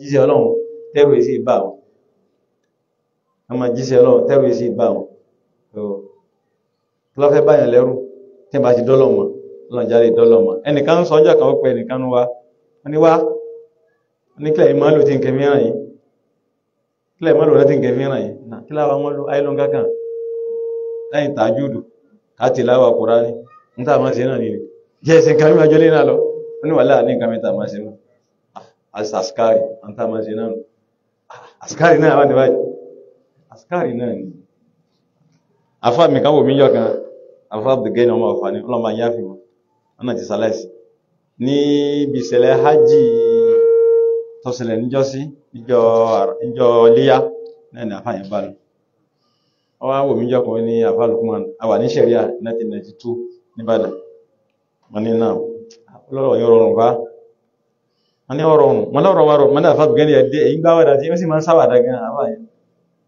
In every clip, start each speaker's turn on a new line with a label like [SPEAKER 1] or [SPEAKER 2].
[SPEAKER 1] jíṣẹ́ ọlọ́run tẹ́rù èsì bá wọn wọ́n máa jíṣẹ́ ọlọ́run tẹ́rù èsì bá wọn tó lọ́fẹ́ báyàn lẹ́rù tí wọ́n bá ti dọ́lọ̀ mọ́ ọlọ́run jáde dọ́lọ̀ mọ́ ẹnìkan ń sọjọ́ kan ó pe ẹnìkan wá wọ́n ní wá ní kílẹ̀ yìí máa lò tí nǹkan mìíràn yìí kílẹ̀ máa lò láti nǹkan mìíràn yìí kí láwa mọ́ lò ayé ló ń kankan lẹ́yìn tàjúdù láti láwa Kùránì ní níta máa ṣe náà nìyí jẹ́ ẹ̀sìn kan mìíràn jọ́lé náà lọ wọ́n ní wàhálà ní nǹkan mìíràn máa ṣe náà aziz askari àwọn tá askari náà wà ní askari náà ni afa mi kan wò mí yọ kan afa abdulgani ọmọ ọfani ọlọmọ ayé àfihàn ọ̀nà ti sàlẹ̀sì ní ibi ìṣẹ̀lẹ̀ hajj tó ṣẹlẹ̀ níjọ́sí níjọ́ iléyà náà ni afa yẹn bá lọ wọ́n wá wò mí jọ́ kan ní afa lukman àwa ní sẹ́ríà 1992 nìbàdàn wọ́n ní náà ọlọ́rọ̀ yóò rọrùn bá. Ani ọ̀rọ̀ ọ̀run mọ́ lọ́rọ̀ wa rọ̀ mọ́ náà fàbí gẹ́ni ẹ̀dẹ́ èyí gbáwàdà tí wọ́n sì máa ń sáwàdà gan àbáyé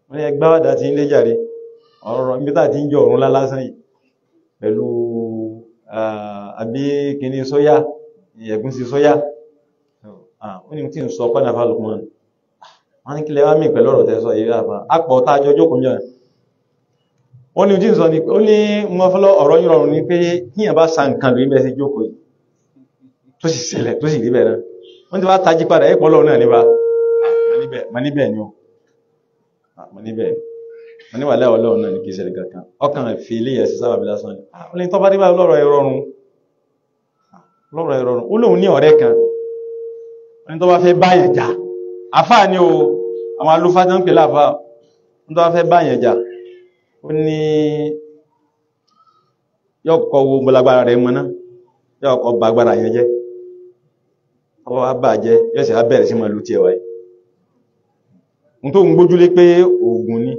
[SPEAKER 1] wọ́n ní ẹgbáwàdà tí ń lé jàre ọ̀rọ̀ ibi tá ti ń jẹ ọ̀run lálásán yìí pẹ̀lú àbí kìíní sóyà ẹ̀gúnsí sóyà ó ní tí ń sọ pẹ́lú àfa lùkùn wọn wọn ní kílẹ̀ wá mí pẹ̀lú ọ̀rọ̀ tẹ̀sọ yìí àfa apọ̀ tá a jọ jókòó jọ ó ní tí ń sọ ni ó ní mo fọlọ́ ni pé kíyàn bá sa nǹkan lórí bẹ́ẹ̀ sí jókòó yìí tó sì ṣẹlẹ̀ tó sì rí bẹ́ẹ̀ náà wọ́n ti wá tají padà ẹ̀ pọ́lọ́ náà níbà ah, mà ni ó ah, mà níbẹ̀ mà níwà náà ní kí ìṣẹ̀lẹ̀ kankan ọkàn fi ilé yẹn sí sábàbí lásán ni ó lè lọ́rọ̀ ẹ̀ rọrùn ah, lọ́rọ̀ ẹ̀ rọrùn ó lóun ní ọ̀rẹ́ kan ẹni tó fẹ́ jà ni o àwọn alufa tó ń pè fẹ́ jà ó ní wo rẹ̀ ọ wá bàjẹ́ yóò sì wá bẹ̀rẹ̀ sí máa lu tiẹ̀ wáyé n tó ń gbójúlé pé oògùn ni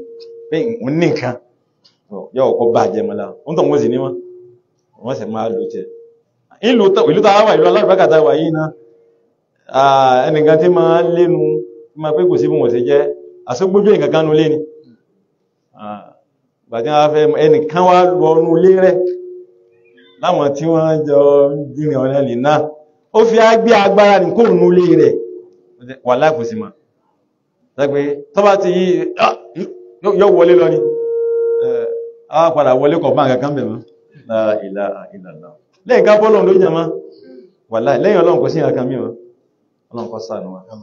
[SPEAKER 1] pé òun ní nǹkan yóò kọ́ bàjẹ́ mọ́ la òun tó ń wọ́n sì ní wọn wọ́n sì máa lu tiẹ̀ ìlú ìlú tá a wà ìlú alábàákà tá a wà yìí ná ẹnìkan tí máa lẹ́nu máa pé kò sí bí wọ́n ṣe jẹ́ àsọgbójú nǹkan kan nulẹ̀ ni gbàtí wọn fẹ́ ẹnìkan wá lọ nulẹ̀ rẹ̀ láwọn tí wọ́n jọ ń dìrìn náà. ó fi ágbé agbára ní n'ule nú lé rẹ̀ wà láìkò ma tẹ́gbẹ́ tó ti yí yọ wọlé lọ ní a padà wọlé kọ̀ bá nǹkan bẹ̀rẹ̀ ìlà ìlànà lẹ́yìn ká bọ́lọ̀ ló jẹma wà láì lẹ́yìn sí nǹkan sànù kan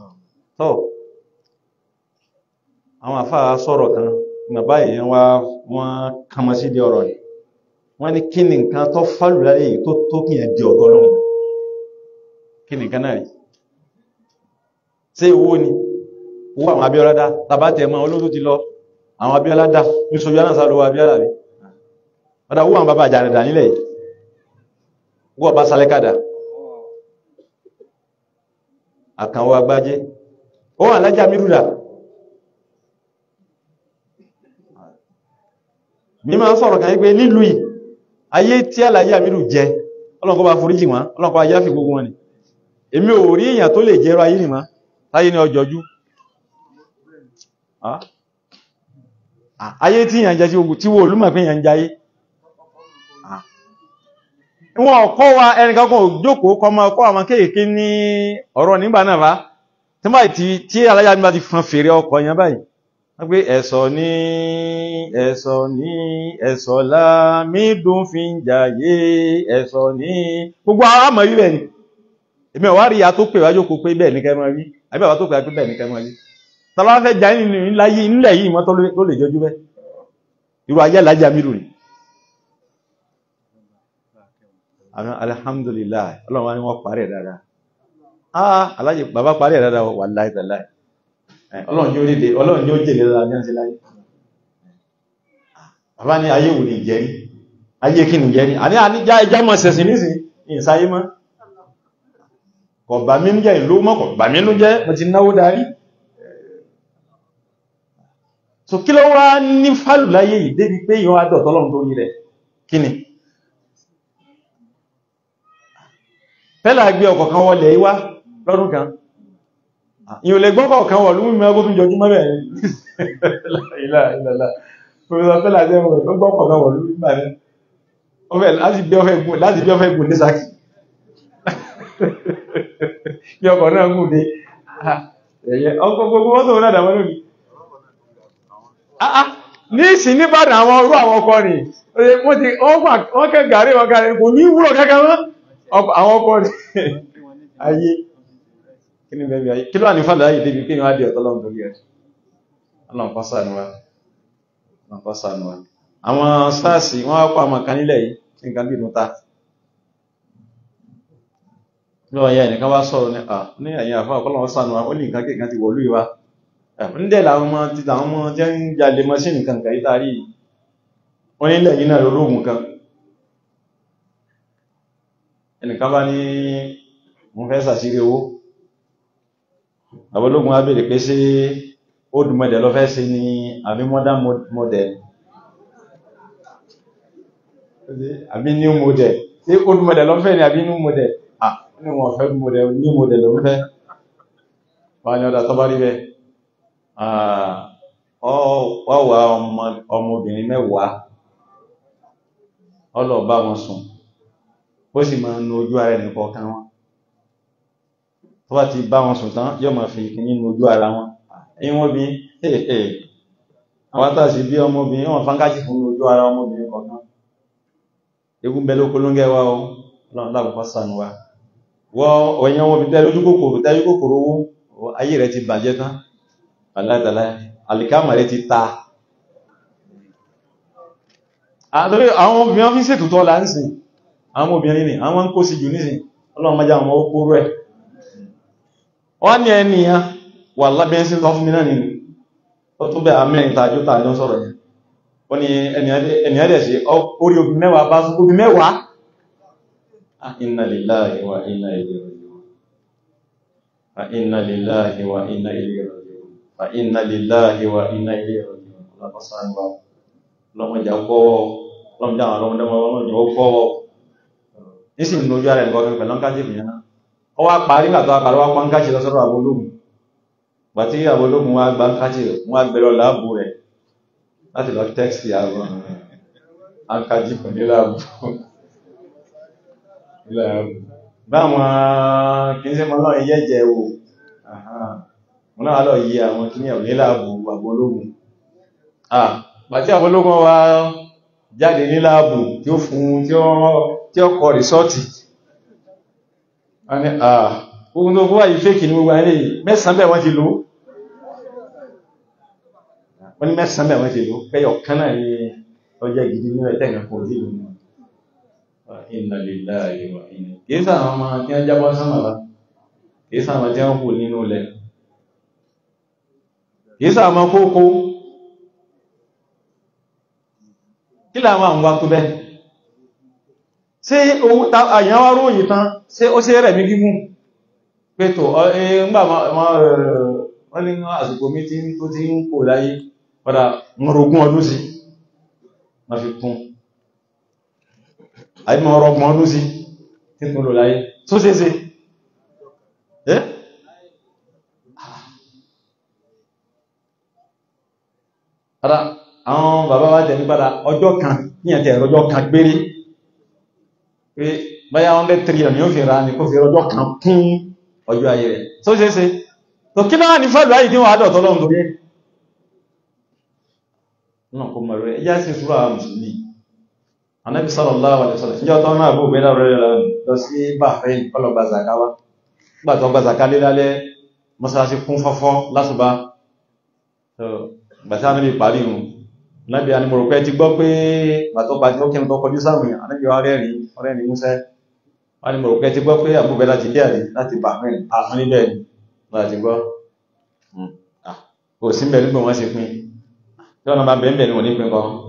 [SPEAKER 1] wọ́n ni tó di kí nìkan náà rí ṣé owó ni owó àwọn Abíọ́lá dá tàbá tẹ̀ mọ́ olóòtú ti lọ àwọn Abíọ́lá dá nítorí àwọn sáà lówó Abíọ́lá rí ọ̀dà owó àwọn bàbá àjàrẹ̀dà nílẹ̀ yìí owó ọba sálẹ́kàdà àkànwọ́ agbájé owó àlájà mírùdà mi máa ń sọ̀rọ̀ kan pé nílùú yìí ayé tí àlàyé àmírù jẹ ọlọ́nkọ́ bá foríjì wọn ọlọ́nkọ́ ayé àfi gbogbo wọn ni èmi ò rí tó lè jẹ́rọ ayé nìmá láyé ní ọjọ́jú ah. ah, ayé tí èèyàn jẹ́ tí wo olúmọ̀ pé jayé ah. wọn wa àwọn kéèké ní ọ̀rọ̀ nígbà náà bá tí bá ti tí alájá nígbà ti fan fèrè ọkọ̀ yẹn báyìí wọ́n pé ẹ̀sọ̀ ní ẹ̀sọ̀ ní ẹ̀sọ̀ lámídùn ẹ̀sọ̀ ní gbogbo àwọn àmọ̀ yìí èmi ọ̀wá rí ya tó pè wájú kó pé bẹ́ẹ̀ ní kẹ́ máa rí àbí àwa tó pè wájú bẹ́ẹ̀ ní kẹ́ máa rí tọ́lá fẹ́ já nínú ńláyé ńlẹ̀ yìí mọ́ tó lè jọjú bẹ́ irú ayé alájà mírù rí àwọn alhamdulillah ọlọ́run wá ní wọ́n parí ẹ̀ dáadáa ah alájẹ bàbá parí ẹ̀ dáadáa wà láì tàláì ọlọ́run yóò léde ọlọ́run yóò jèlé dáadáa ní àti láyé bàbá ní ayé wò ní jẹ́rí ayé kí ni jẹ́rí àní àníjá ọ̀bà mi ń jẹ́ ìlú mọ́kọ̀ bà mí ló jẹ́ mo ti náwó darí so kí ló wá ní fálù láyé yìí débi pé ìyàn adọ̀tọ́lọ́run tó ní rẹ̀ kí ni pẹ́lá gbé ọkọ̀ kan wọlé wá lọ́dún kan ìyàn lè gbọ́kọ̀ kan wọ̀ lómi mẹ́gbó tún jọjú mọ́bẹ̀ ìlàlá pẹ̀lú pẹ́lá jẹ́ mọ́ láti bí ọfẹ́ gùn ní sákì bí ọkọ̀ náà gùn dé ah, ọkọ̀ gbogbo mọ́tò náà dàwọn lónìí ah, ah. ní ìsìn nìbàdàn àwọn orú àwọn ọkọ̀ ni wọ́n kẹ́ gàrí wọn gàrí kò ní wúrọ̀ kankan mọ́ àwọn ọkọ̀ ni ayé kí ni bẹ́ẹ̀ bí ayé kí ló wà ní fàdà ayé débi kí ni wá di ọ̀tọ́ lọ́wọ́ torí ẹ̀ ọlọ́run kọ́ sànù wa ọlọ́run kọ́ sànù wa àwọn sars wọ́n wá pa àwọn kan nílẹ̀ yìí nǹkan bí mo ta ló wáyé ẹnìkan wá sọ̀rọ̀ ní à ní ẹ̀yìn àfá ọ̀pọ̀lọpọ̀ sànù wa ó ní nǹkan kéèkan ti wọ̀lú ìwá ǹdẹ̀ làwọn ọmọ ti tàwọn ọmọ jẹ́ ń jalè mọ́ṣínì kankan yìí tàrí wọ́n ní ilẹ̀ yìí náà lórí ògùn kan ẹnìkan pé ṣé old model ló fẹ́ ni àbí modern model àbí new model ṣé old model ló fẹ́ ni àbí new model ní wọ́n fẹ́ ní mòdẹ̀ ló ń fẹ́ wá ní ọ̀dà tọ́bá rí bẹ́ ọwà ọmọbìnrin mẹ́wàá ọlọ́ọ̀bá wọn sùn ó sì máa ń nu ojú ara ẹnìkan kan wọn tó bá ti bá wọn sùn tán yóò máa fi ìkíní nu ojú ara wọn ìwọ́n bí àwọn tàà sí bí ọmọbìnrin wọn fánkájì fún ojú ara ọmọbìnrin kọ̀ọ̀kan egun bẹ ló polóńgẹ́ wa ọ lọ́nà lábùkọ́ sànù wọ́n ẹ̀yàn wọn fi tẹ́ lójú kòkòrò tẹ́jú owó ayé rẹ̀ ti bàjẹ́ tán aláìtàlá alìkámà rẹ̀ ti ta A àwọn obìnrin fi ṣètò tọ́lá ń sìn àwọn obìnrin ni àwọn ń kó sí jù nísìn ọlọ́run májá àwọn okóró ẹ̀ wọ́n ní ẹni ya wà lábẹ́ sí lọ mi náà nínú ó tún bẹ́ sọ̀rọ̀ ó ní ẹni ẹ̀dẹ̀ sí orí mẹ́wàá bá sọ inna lillahi wa inna ilayhi raji'un fa inna lillahi wa inna ilayhi raji'un fa inna lillahi wa inna ilayhi raji'un ọlọ́pàá wa lọ́mọjà gbọ́wọ́ lọ́mọjà àwọn ọlọ́mọdéwọ́ lọ́mọjà ó gbọ́wọ́ ní sì ń lójú ara ẹ̀kọ́ fẹ́ pẹ̀lú ọ́nkájì ìyẹn náà ó wá parí àtọ́ àpàrọ wá pọ́n káṣì lọ́sọ́rọ̀ àbólóhùn gbà tí àbólóhùn wá gbá káṣì wọ́n wá gbẹ̀rọ láàbù rẹ̀ láti lọ tẹ́kìtì àwọn báwọn kìí sí mọ́lọ́ ìyẹ́jẹ̀ wò mọ́ náà lọ yí àwọn kí ní ẹ̀wọ̀níláàbò àbọ́lógún ah pàtí àbọ́lógún wa jáde níláàbò tí ó fún tí ó kọ rìsọ́ọ̀tì ohun tó fúwà yìí fèkì ní gbogbo ayé mẹ́sàn bẹ̀ wọ́n ti lò wọ́n ni mẹ́sàn bẹ̀ wọ́n ti lò pẹ́yọ̀ kánà ní ọjọ́ gidi nílẹ̀ tẹ́gàkọ̀ òdí inna lillahi wa inna kìí sáà ọmọ kí wọ́n jábọ́ sánmàlá kìí sáà jẹ́ ọkù nínú ilẹ̀ kìí sáà ọmọ kókó kí láàmà ń wá tó bẹ́ ṣe àyànwá ròyìn tán ṣe ó ma rẹ̀ mí gígùn pẹ́tò ẹgbà wọ́n ní àsìkò mi ti ń kò láyé padà mọ̀rọ̀gún ọdún sí ma fi kún àbí mọ̀ ọ̀rọ̀ ọgbọ̀n ọdún sí tí mo lò láyé tó ṣe ṣe ẹ́ ara àwọn bàbá wa tẹ̀lé padà ọjọ́ kan ní ẹ̀tẹ̀ ọjọ́ kan gbére pé báyá 100 trillion yóò fi ra ní kó fi ọjọ́ kan kún ọjọ́ ayé rẹ̀ tó ṣe ṣe tó kí náà ní fẹ́lú ayé tí wọ́n adọ̀ tọ́lọ́run kó mọ̀ rẹ̀ ẹjá sí ìṣúra mùsùlùmí anabi sallallahu alaihi wasallam ìjọ tán náà bó bẹ́lá rẹ̀ lọ sí bahrain kọlọ̀ gbazaka wá gbàtọ̀ gbazaka lílálẹ́ mọ́sálásí kún fọ́fọ́ lásùbá gbàtí anabi parí hùn lábí animọ̀rọ̀pẹ́ ti gbọ́ pé gbàtọ̀ bá ti ó kẹ́mi tó kọjú sáwọn anabi wa rẹ́rìn ọ̀rẹ́rìn músẹ́ animọ̀rọ̀pẹ́ ti gbọ́ pé àbúbẹ́ láti dé àrí láti bahrain àwọn níbẹ̀ láti gbọ́ hmm. ah, kò sí mẹ́rin gbọ́n wọ́n ṣe pin tí wọ́n bá bẹ́ẹ̀ bẹ́ẹ̀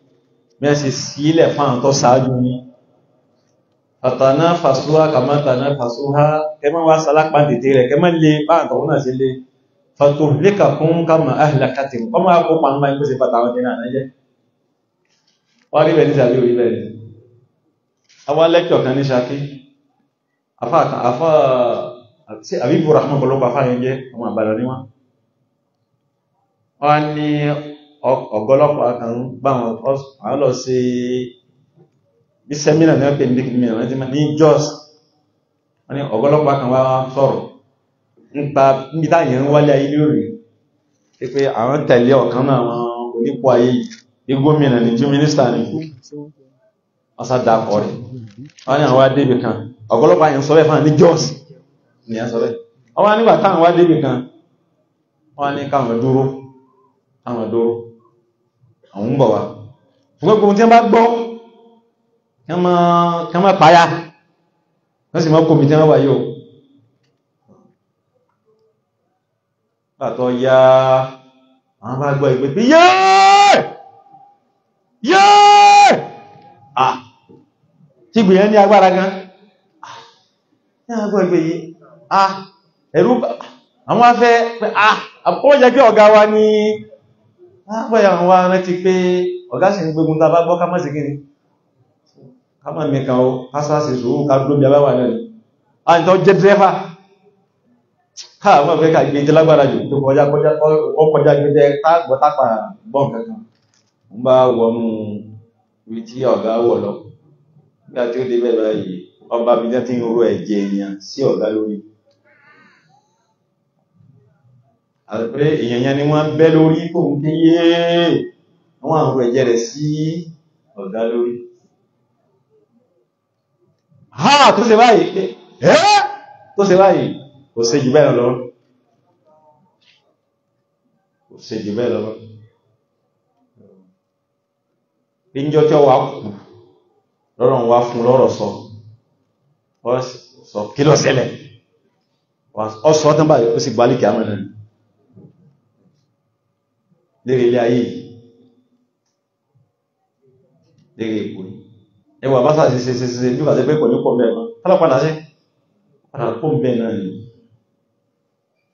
[SPEAKER 1] mẹ́sì sílẹ̀ fáwọn tó sáájú ní àtàná fàṣúhá kàmátàná fàṣúhá kẹmà wá sálápá tètè rẹ̀ kẹmà lè báwọn tọ̀wọ́n náà sí lè fàtò léka kún kàmà áhìlá kàtìm ọmọ akó pàmà ikú sí pàtàkì ọdún náà jẹ́ wá rí bẹ̀rẹ̀ sàbí orí bẹ̀rẹ̀ àwọn lẹ́kọ̀ọ́ kan ní Ṣakí afá àbíbù rahman kọlọ́pàá fáyẹn jẹ́ ọmọ àbàdàn níwọ̀n wọ́n ní ọ̀gọ́lọ́pàá kan bá wọn lọ sí bí sẹ́mínà ní ọ̀pẹ̀ ní kìlìmínà wọ́n ti ní Jos wọ́n ọ̀gọ́lọ́pàá kan wá sọ̀rọ̀ nípa níbi táyẹ̀ ń wálé ayé lórí pé àwọn tẹ̀lé ọ̀kan náà wọn onípò ayé ní gómìnà ní tí mínísítà ní wọ́n sá da ọkọ̀ wọ́n ní àwọn adébì kan ọ̀gọ́lọ́pàá yẹn sọ bẹ́ẹ̀ fún ní ẹ sọ bẹ́ẹ̀ ọ nígbà táwọn adébì kan àwọn ń bọ̀ wá ṣùgbọ́n gbogbo tí wọ́n bá gbọ́ kí wọ́n máa payá wọ́n sì máa kó mi tí wọ́n wà yóò pàtó ya àwọn bá gbọ́ ìgbé pé yéé yéé à tí gbìyàn ní agbára gan ní agbọ́ ìgbé yìí à àwọn afẹ́ pé à àkọ́jẹ́ wa ni lápẹ́ àwọn wa rántí pé ọ̀gá sì ń gbégun tá a bá gbọ́ ká má sí kíni ká má mẹ́ka o ká sá sí sùúrù ká dúró bí a bá wà lẹ́nu àǹtọ́ jẹ́ dírẹ́fà ká àwọn ọ̀fẹ́ ká gbé jẹ́ lágbára jù tó kọjá kọjá gbé jẹ́ tá gbọ́ tá pa àti pé èèyàn yẹn ni wọ́n bẹ́ lórí kò ń kéyé wọ́n àwọn ẹ̀jẹ̀ rẹ̀ sí ọ̀gá lórí ha tó se báyìí ẹ́ tó se báyìí kò se jù bẹ́ẹ̀ lọ kò ṣe jù bẹ́ẹ̀ lọ níjọ́ tí ó wà kù lọ́rọ̀ wá fún lọ́rọ̀ sọ sọ kí ló ṣẹlẹ̀ ọ̀sọ̀ tán báyìí ó sì gbálìkì àmọ́ ìrìn lérí ilé ayé yìí lérí ipò yìí ẹwà bá sà ṣe ṣe ṣe bí wàṣẹ pé pẹ̀lú pọ̀ bẹ́ẹ̀ mọ́ tọ́lọ́ padà sí padà pọ̀ bẹ́ẹ̀ náà ni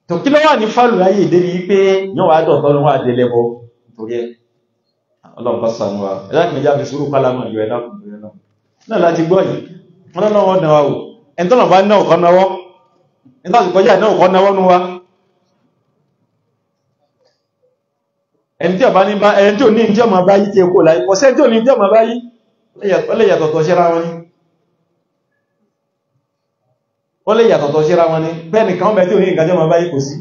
[SPEAKER 1] tó kí ló wà ní fálù ayé débi pé yóò wá dọ̀tọ́ ló wà dé lẹ́bọ nítorí ẹ ọlọ́run bá sànù wa ẹ̀dá kìíjà fi sùúrù kálámà yọ ẹ̀dá kùnrin náà náà láti gbọ́ yìí wọn náà wọn náà wò ẹ̀ńtọ́nà bá náà kọ́ náwọ́ ẹ̀ńtọ́nà kọjá náà kọ́ náwọ́ nu wa ẹni tí ọba ní bá ẹni tí ò ní ìjọ ma bá yí tí èkó láyé ọ̀sẹ́ tí ò ní ìjọ ma bá yí ó lè yàtọ̀tọ̀ síra wọn ni ó lè wọn ni bẹ́ẹ̀ nìkan bẹ́ẹ̀ tí ò ní ìgbàjọ́ ma bá yí kò sí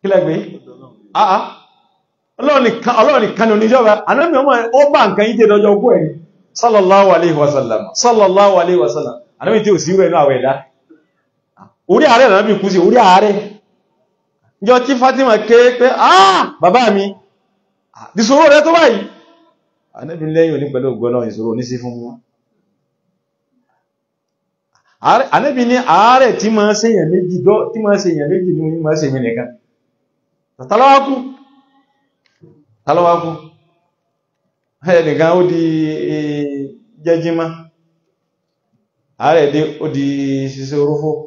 [SPEAKER 1] kílẹ̀gbé alaihi wasallam sallallahu alaihi wasallam anábì tí ò sí orí ààrẹ náà bí kú sí orí ààrẹ jọ tí Fatima ké pé ah bàbá mi ìṣòro rẹ tó báyìí Ànábì lẹ́yìn òní pẹ̀lú ògbọ́nà ìṣòro ní sí fún wọn Ànábì ní ààrẹ tí máa ṣèyàn méjì tí máa ṣèyàn méjì ní máa ṣe mí nìkan tàtàlọ́wákú tàlọ́wákú di e, jẹjímá ààrẹ dé ó di ṣiṣẹ́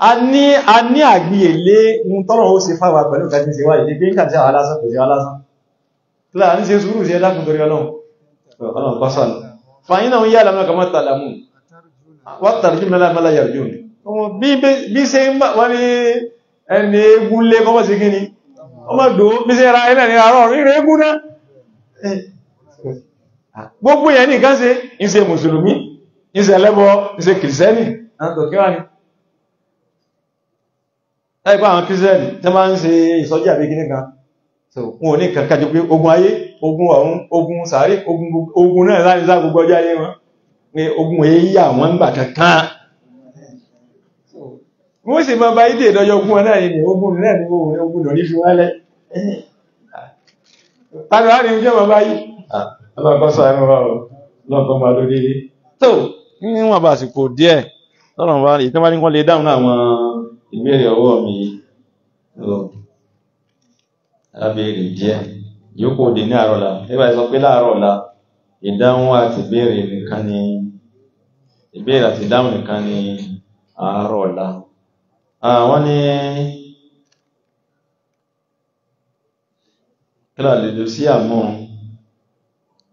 [SPEAKER 1] a ní a ní àgbìyèlé ohun tọ́rọ̀ ó ṣe fáwà pẹ̀lú ìkàtí ṣe wà ìdí pé ń kàtí àwọn alásán kò sí alásán tílá ní ṣe sùúrù sí ẹlákùn torí ọlọ́run ọlọ́run pásánù fàyínà ń yà lámọ́ kàmọ́ tàlàmù wátàrí jùmọ́ lámọ́lá yàrá jùmọ́ bí ṣe ń bá wọ́n ní ẹni eégún lé kọ́mọ́ sí kíni ọmọ dò bí ṣe ra ẹ̀nà ní àárọ̀ rírẹ eégún náà gbogbo yẹn nìkan ṣe ń ṣe mùsùlùmí ń ṣe ẹlẹ́bọ ń ṣe kìrìsẹ́nì ẹgbẹ́ àwọn kírísẹ́nì tí wọ́n máa ń ṣe ìsọjí àbí kíní kan so wọn ò ní kankan jù pé ogun ayé ogun ọ̀run ogun sàárè ogun náà láti sá gbogbo ọjọ́ ayé wọn ni ogun èyí yà wọ́n ń gbà kankan wọ́n sì máa bá ìdè ìdọ́jọ́ ogun náà ni ogun náà ni ogun lórí fi wálẹ̀ tàbí wọ́n ní ìjọba báyìí alákọ́sà ẹnu wa o lọ́kọ́ máa lórí rí tó níwọ̀n bá àsìkò díẹ̀ tọ́lọ̀ bá ìtẹ́wájú kan lè dáhùn àwọn ìbéèrè ọwọ́ mi lọ abéèrè díẹ̀ yòókù òde ní àárọ̀ la ẹ bá sọ pé láàárọ̀ la ìdáhùn àti ìbéèrè nìkan ni ìbéèrè àti ìdáhùn nìkan ni àárọ̀ la àwọn ní kílà lèlò sí àmọ́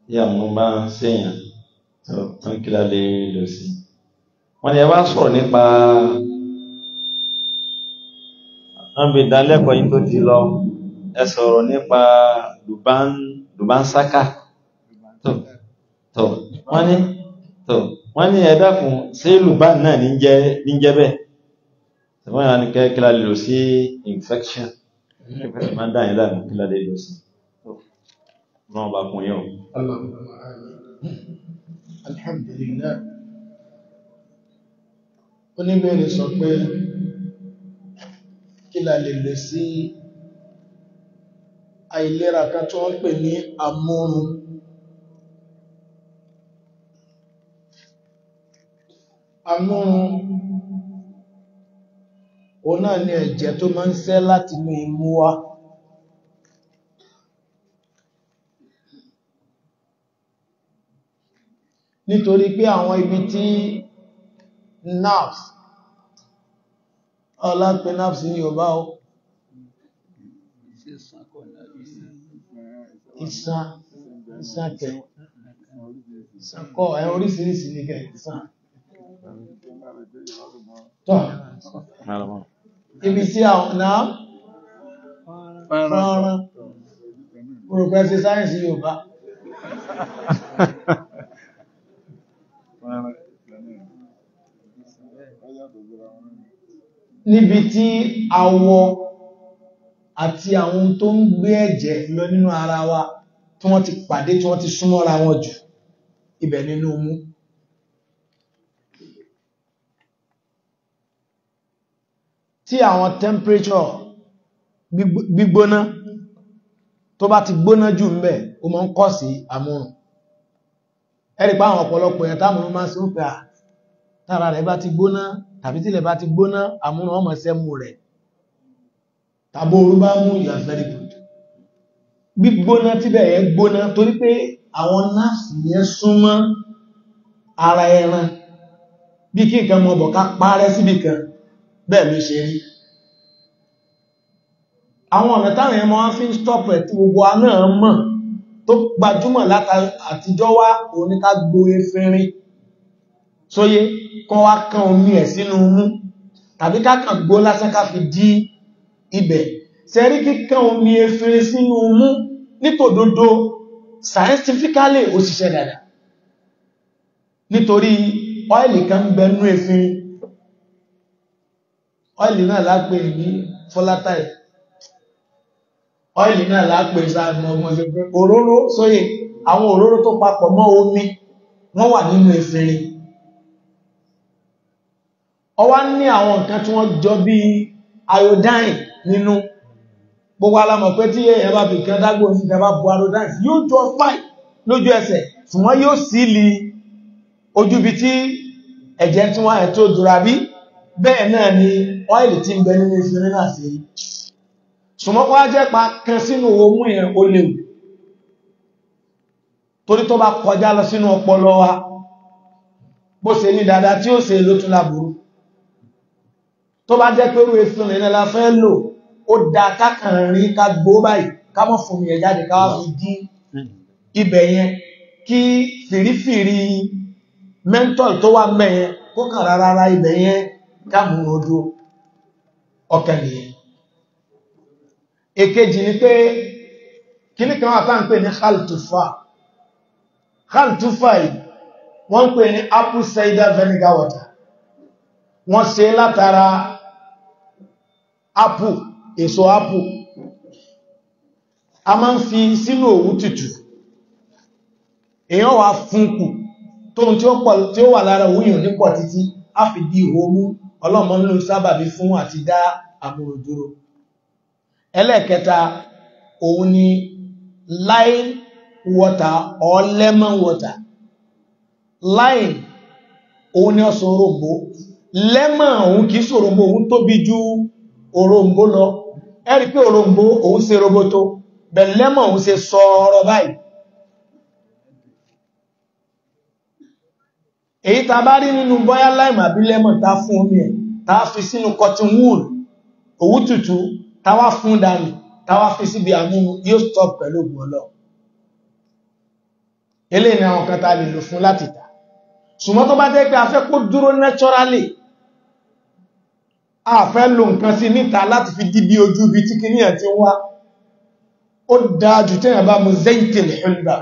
[SPEAKER 1] tí àmọ́ bá ń sèyàn tó kílà lèlò sí wọ́n ní ẹ wá sọ̀rọ̀ nípa wọ́n bí ìdálẹ́kọ̀ọ́ yìí tó ti lọ ẹ sọ̀rọ̀ nípa dùbánsáká tó wọ́n ní tó wọ́n ní ẹ dákun ṣé lùbán náà ní jẹ́ ní jẹ́ bẹ́ẹ̀ tẹ̀wọ́n yà ní kẹ́kẹ́ la lè lò sí infection máa ń dá yẹn lè lò sí náà
[SPEAKER 2] oníbẹ̀rẹ̀ sọ pé ìlàlẹ̀lẹ̀ sí àìlera kan tí wọ́n pè ní àmọ́run àmọ́run o náà ni ẹ̀jẹ̀ tó máa ń sẹ́ láti inú imú wa nítorí pé àwọn ibi tí nerves ọlá penafs ní Yorùbá o ìsá ìsá kẹ ìsàkọ ẹ oríṣiríṣi ní kẹ ìsá tọ́ ibi tí àwọn náà fọ́nrán pòròfẹ́sì sáyẹ̀nsì Yorùbá Thank you níbi tí awọ àti àwọn tó ń gbé ẹ̀jẹ̀ lọ nínú ara wa tí wọ́n ti pàdé tí wọ́n ti súnmọ́ra wọn jù ibẹ̀ nínú mú tí àwọn temperature gbígbóná tó bá ti gbóná jù ń bẹ̀ o mọ́ ń kọ́ sí àmúrùn ẹ̀rì pa àwọn ọ̀pọ̀lọpọ̀ ẹ̀ táàmùrún máa ń ó pẹ́ à rẹ̀ bá ti gbóná tàbí tílẹ̀ bá ti gbóná àmúnà ọmọ sẹ́mù rẹ̀ tàbí orú bá mú you very good gbígbóná tíbẹ̀ yẹn gbóná torí pé àwọn náàsì yẹn súnmọ́ ara ẹran bí kí nǹkan mọ̀ bọ̀ ká parẹ́ síbì kan bẹ́ẹ̀ ló ṣe rí àwọn ọ̀nà táwọn ẹmọ wá fi ń stop ẹ̀ tí gbogbo náà mọ̀ tó gbajúmọ̀ látàtijọ́ wá òun ní ká gbo efinrin sóyé kọ́ wá kán omi ẹ̀ sínú mú tàbí kákan gbó lásán ká fi dí ibẹ̀ sẹ́rí kíkán omi efirin sínú mú nítòdodo scientifically ó ṣiṣẹ́ dáadáa nítorí ọ́ìlì kan ń bẹnú efirin ọ́ìlì náà lápẹ́ ní fọ́látáì ọ́ìlì náà lápẹ́ sáàmù ọmọ òróró sóyè àwọn òróró tó papọ̀ mọ́ omi wọ́n wà nínú efirin ọwá ní àwọn nǹkan tí wọ́n jọ bí iodine nínú gbogbo alamọ̀ pé tí èèyàn bá fi kan dágbò sí ìjọba bu iodine yóò jọ fáì lójú ẹsẹ̀ ṣùgbọ́n yóò sì lè ojú bí tí ẹ̀jẹ̀ tí wọ́n ẹ̀ tó dùra bí bẹ́ẹ̀ náà ni ọ́ìlì tí ń bẹ nínú ìfìnrin náà sí ṣùgbọ́n wá jẹ́ pa kan sínú omú yẹn ó léwu torí tó bá kọjá lọ sínú ọpọlọ wa bó ṣe ní dáadáa tí ó ṣe ló láburú tó bá jẹ́ pé rúwe fún ìrìnà la fẹ́ lò ó da kákànrin ká gbó báyìí ká mọ̀ fún mi jáde ká wá fi dí ibẹ̀ yẹn kí fìrífìrí mental tó wà mẹ́ yẹn kó kàn rárá ibẹ̀ yẹn ká mú ojú ọkàn nìyẹn èkejì ni pé kíní kan wà táà ń pè ní khaltufa khaltufa yìí wọ́n ń pè ní apple cider vinegar water wọ́n ṣe látara apple èso apple a máa ń fi sínú òwú tútù èyàn wà fúnkù tó ń tí ó wà lára òwúyàn nípọ̀ títí a fi di ìhòmú ọlọ́mọ sábàbí fún àti dá àmúrò ẹlẹ́ẹ̀kẹta òun ni lime water or lemon water lime òun ni ọsàn òròmbó lemon òun kìí sòròmbó òun tóbi jù òròǹbó lọ ẹ̀rí pé òròǹbó òun ṣe roboto bẹ̀lẹ́mọ̀ òun ṣe sọ ọ̀rọ̀ báyìí èyí ta bá rí nínú bọ́yá láìmà bí lẹ́mọ̀ ta fún omi ẹ̀ ta fi sínú cotton wool òwú tútù ta wá fún dànù ta wá fi síbi àmúmu yóò stop pẹ̀lú ògùn ọlọ́ ni àwọn kan ta lè lò fún láti tà ṣùgbọ́n tó bá jẹ́ pé a fẹ́ kó dúró naturally a fẹ́ lo nǹkan sí níta láti fi dí bí ojú ibi tí kí níyàn ti wá ó dáájú tẹ́yàn bá mu zaitil hulba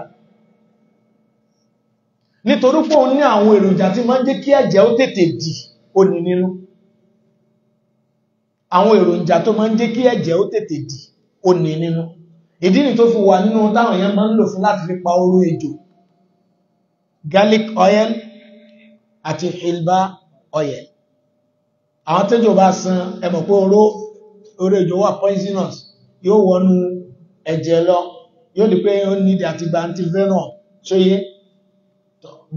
[SPEAKER 2] nítorí pé ó ní àwọn èròjà tí máa ń jẹ́ kí ẹ̀jẹ̀ ó tètè dì ó nínú àwọn èròjà tó máa ń jẹ́ kí ẹ̀jẹ̀ ó tètè dì ó nínú ìdí ni tó fi wà nínú táwọn èèyàn máa ń lò fún láti fi pa oró ejò garlic oil àti hulba oil àwọn tẹ́jọ bá san ẹmọ̀ pé oró oró ìjọ wà poisonous yóò wọnú ẹ̀jẹ̀ lọ yóò di pé ó ní àti gba antivenom tó yé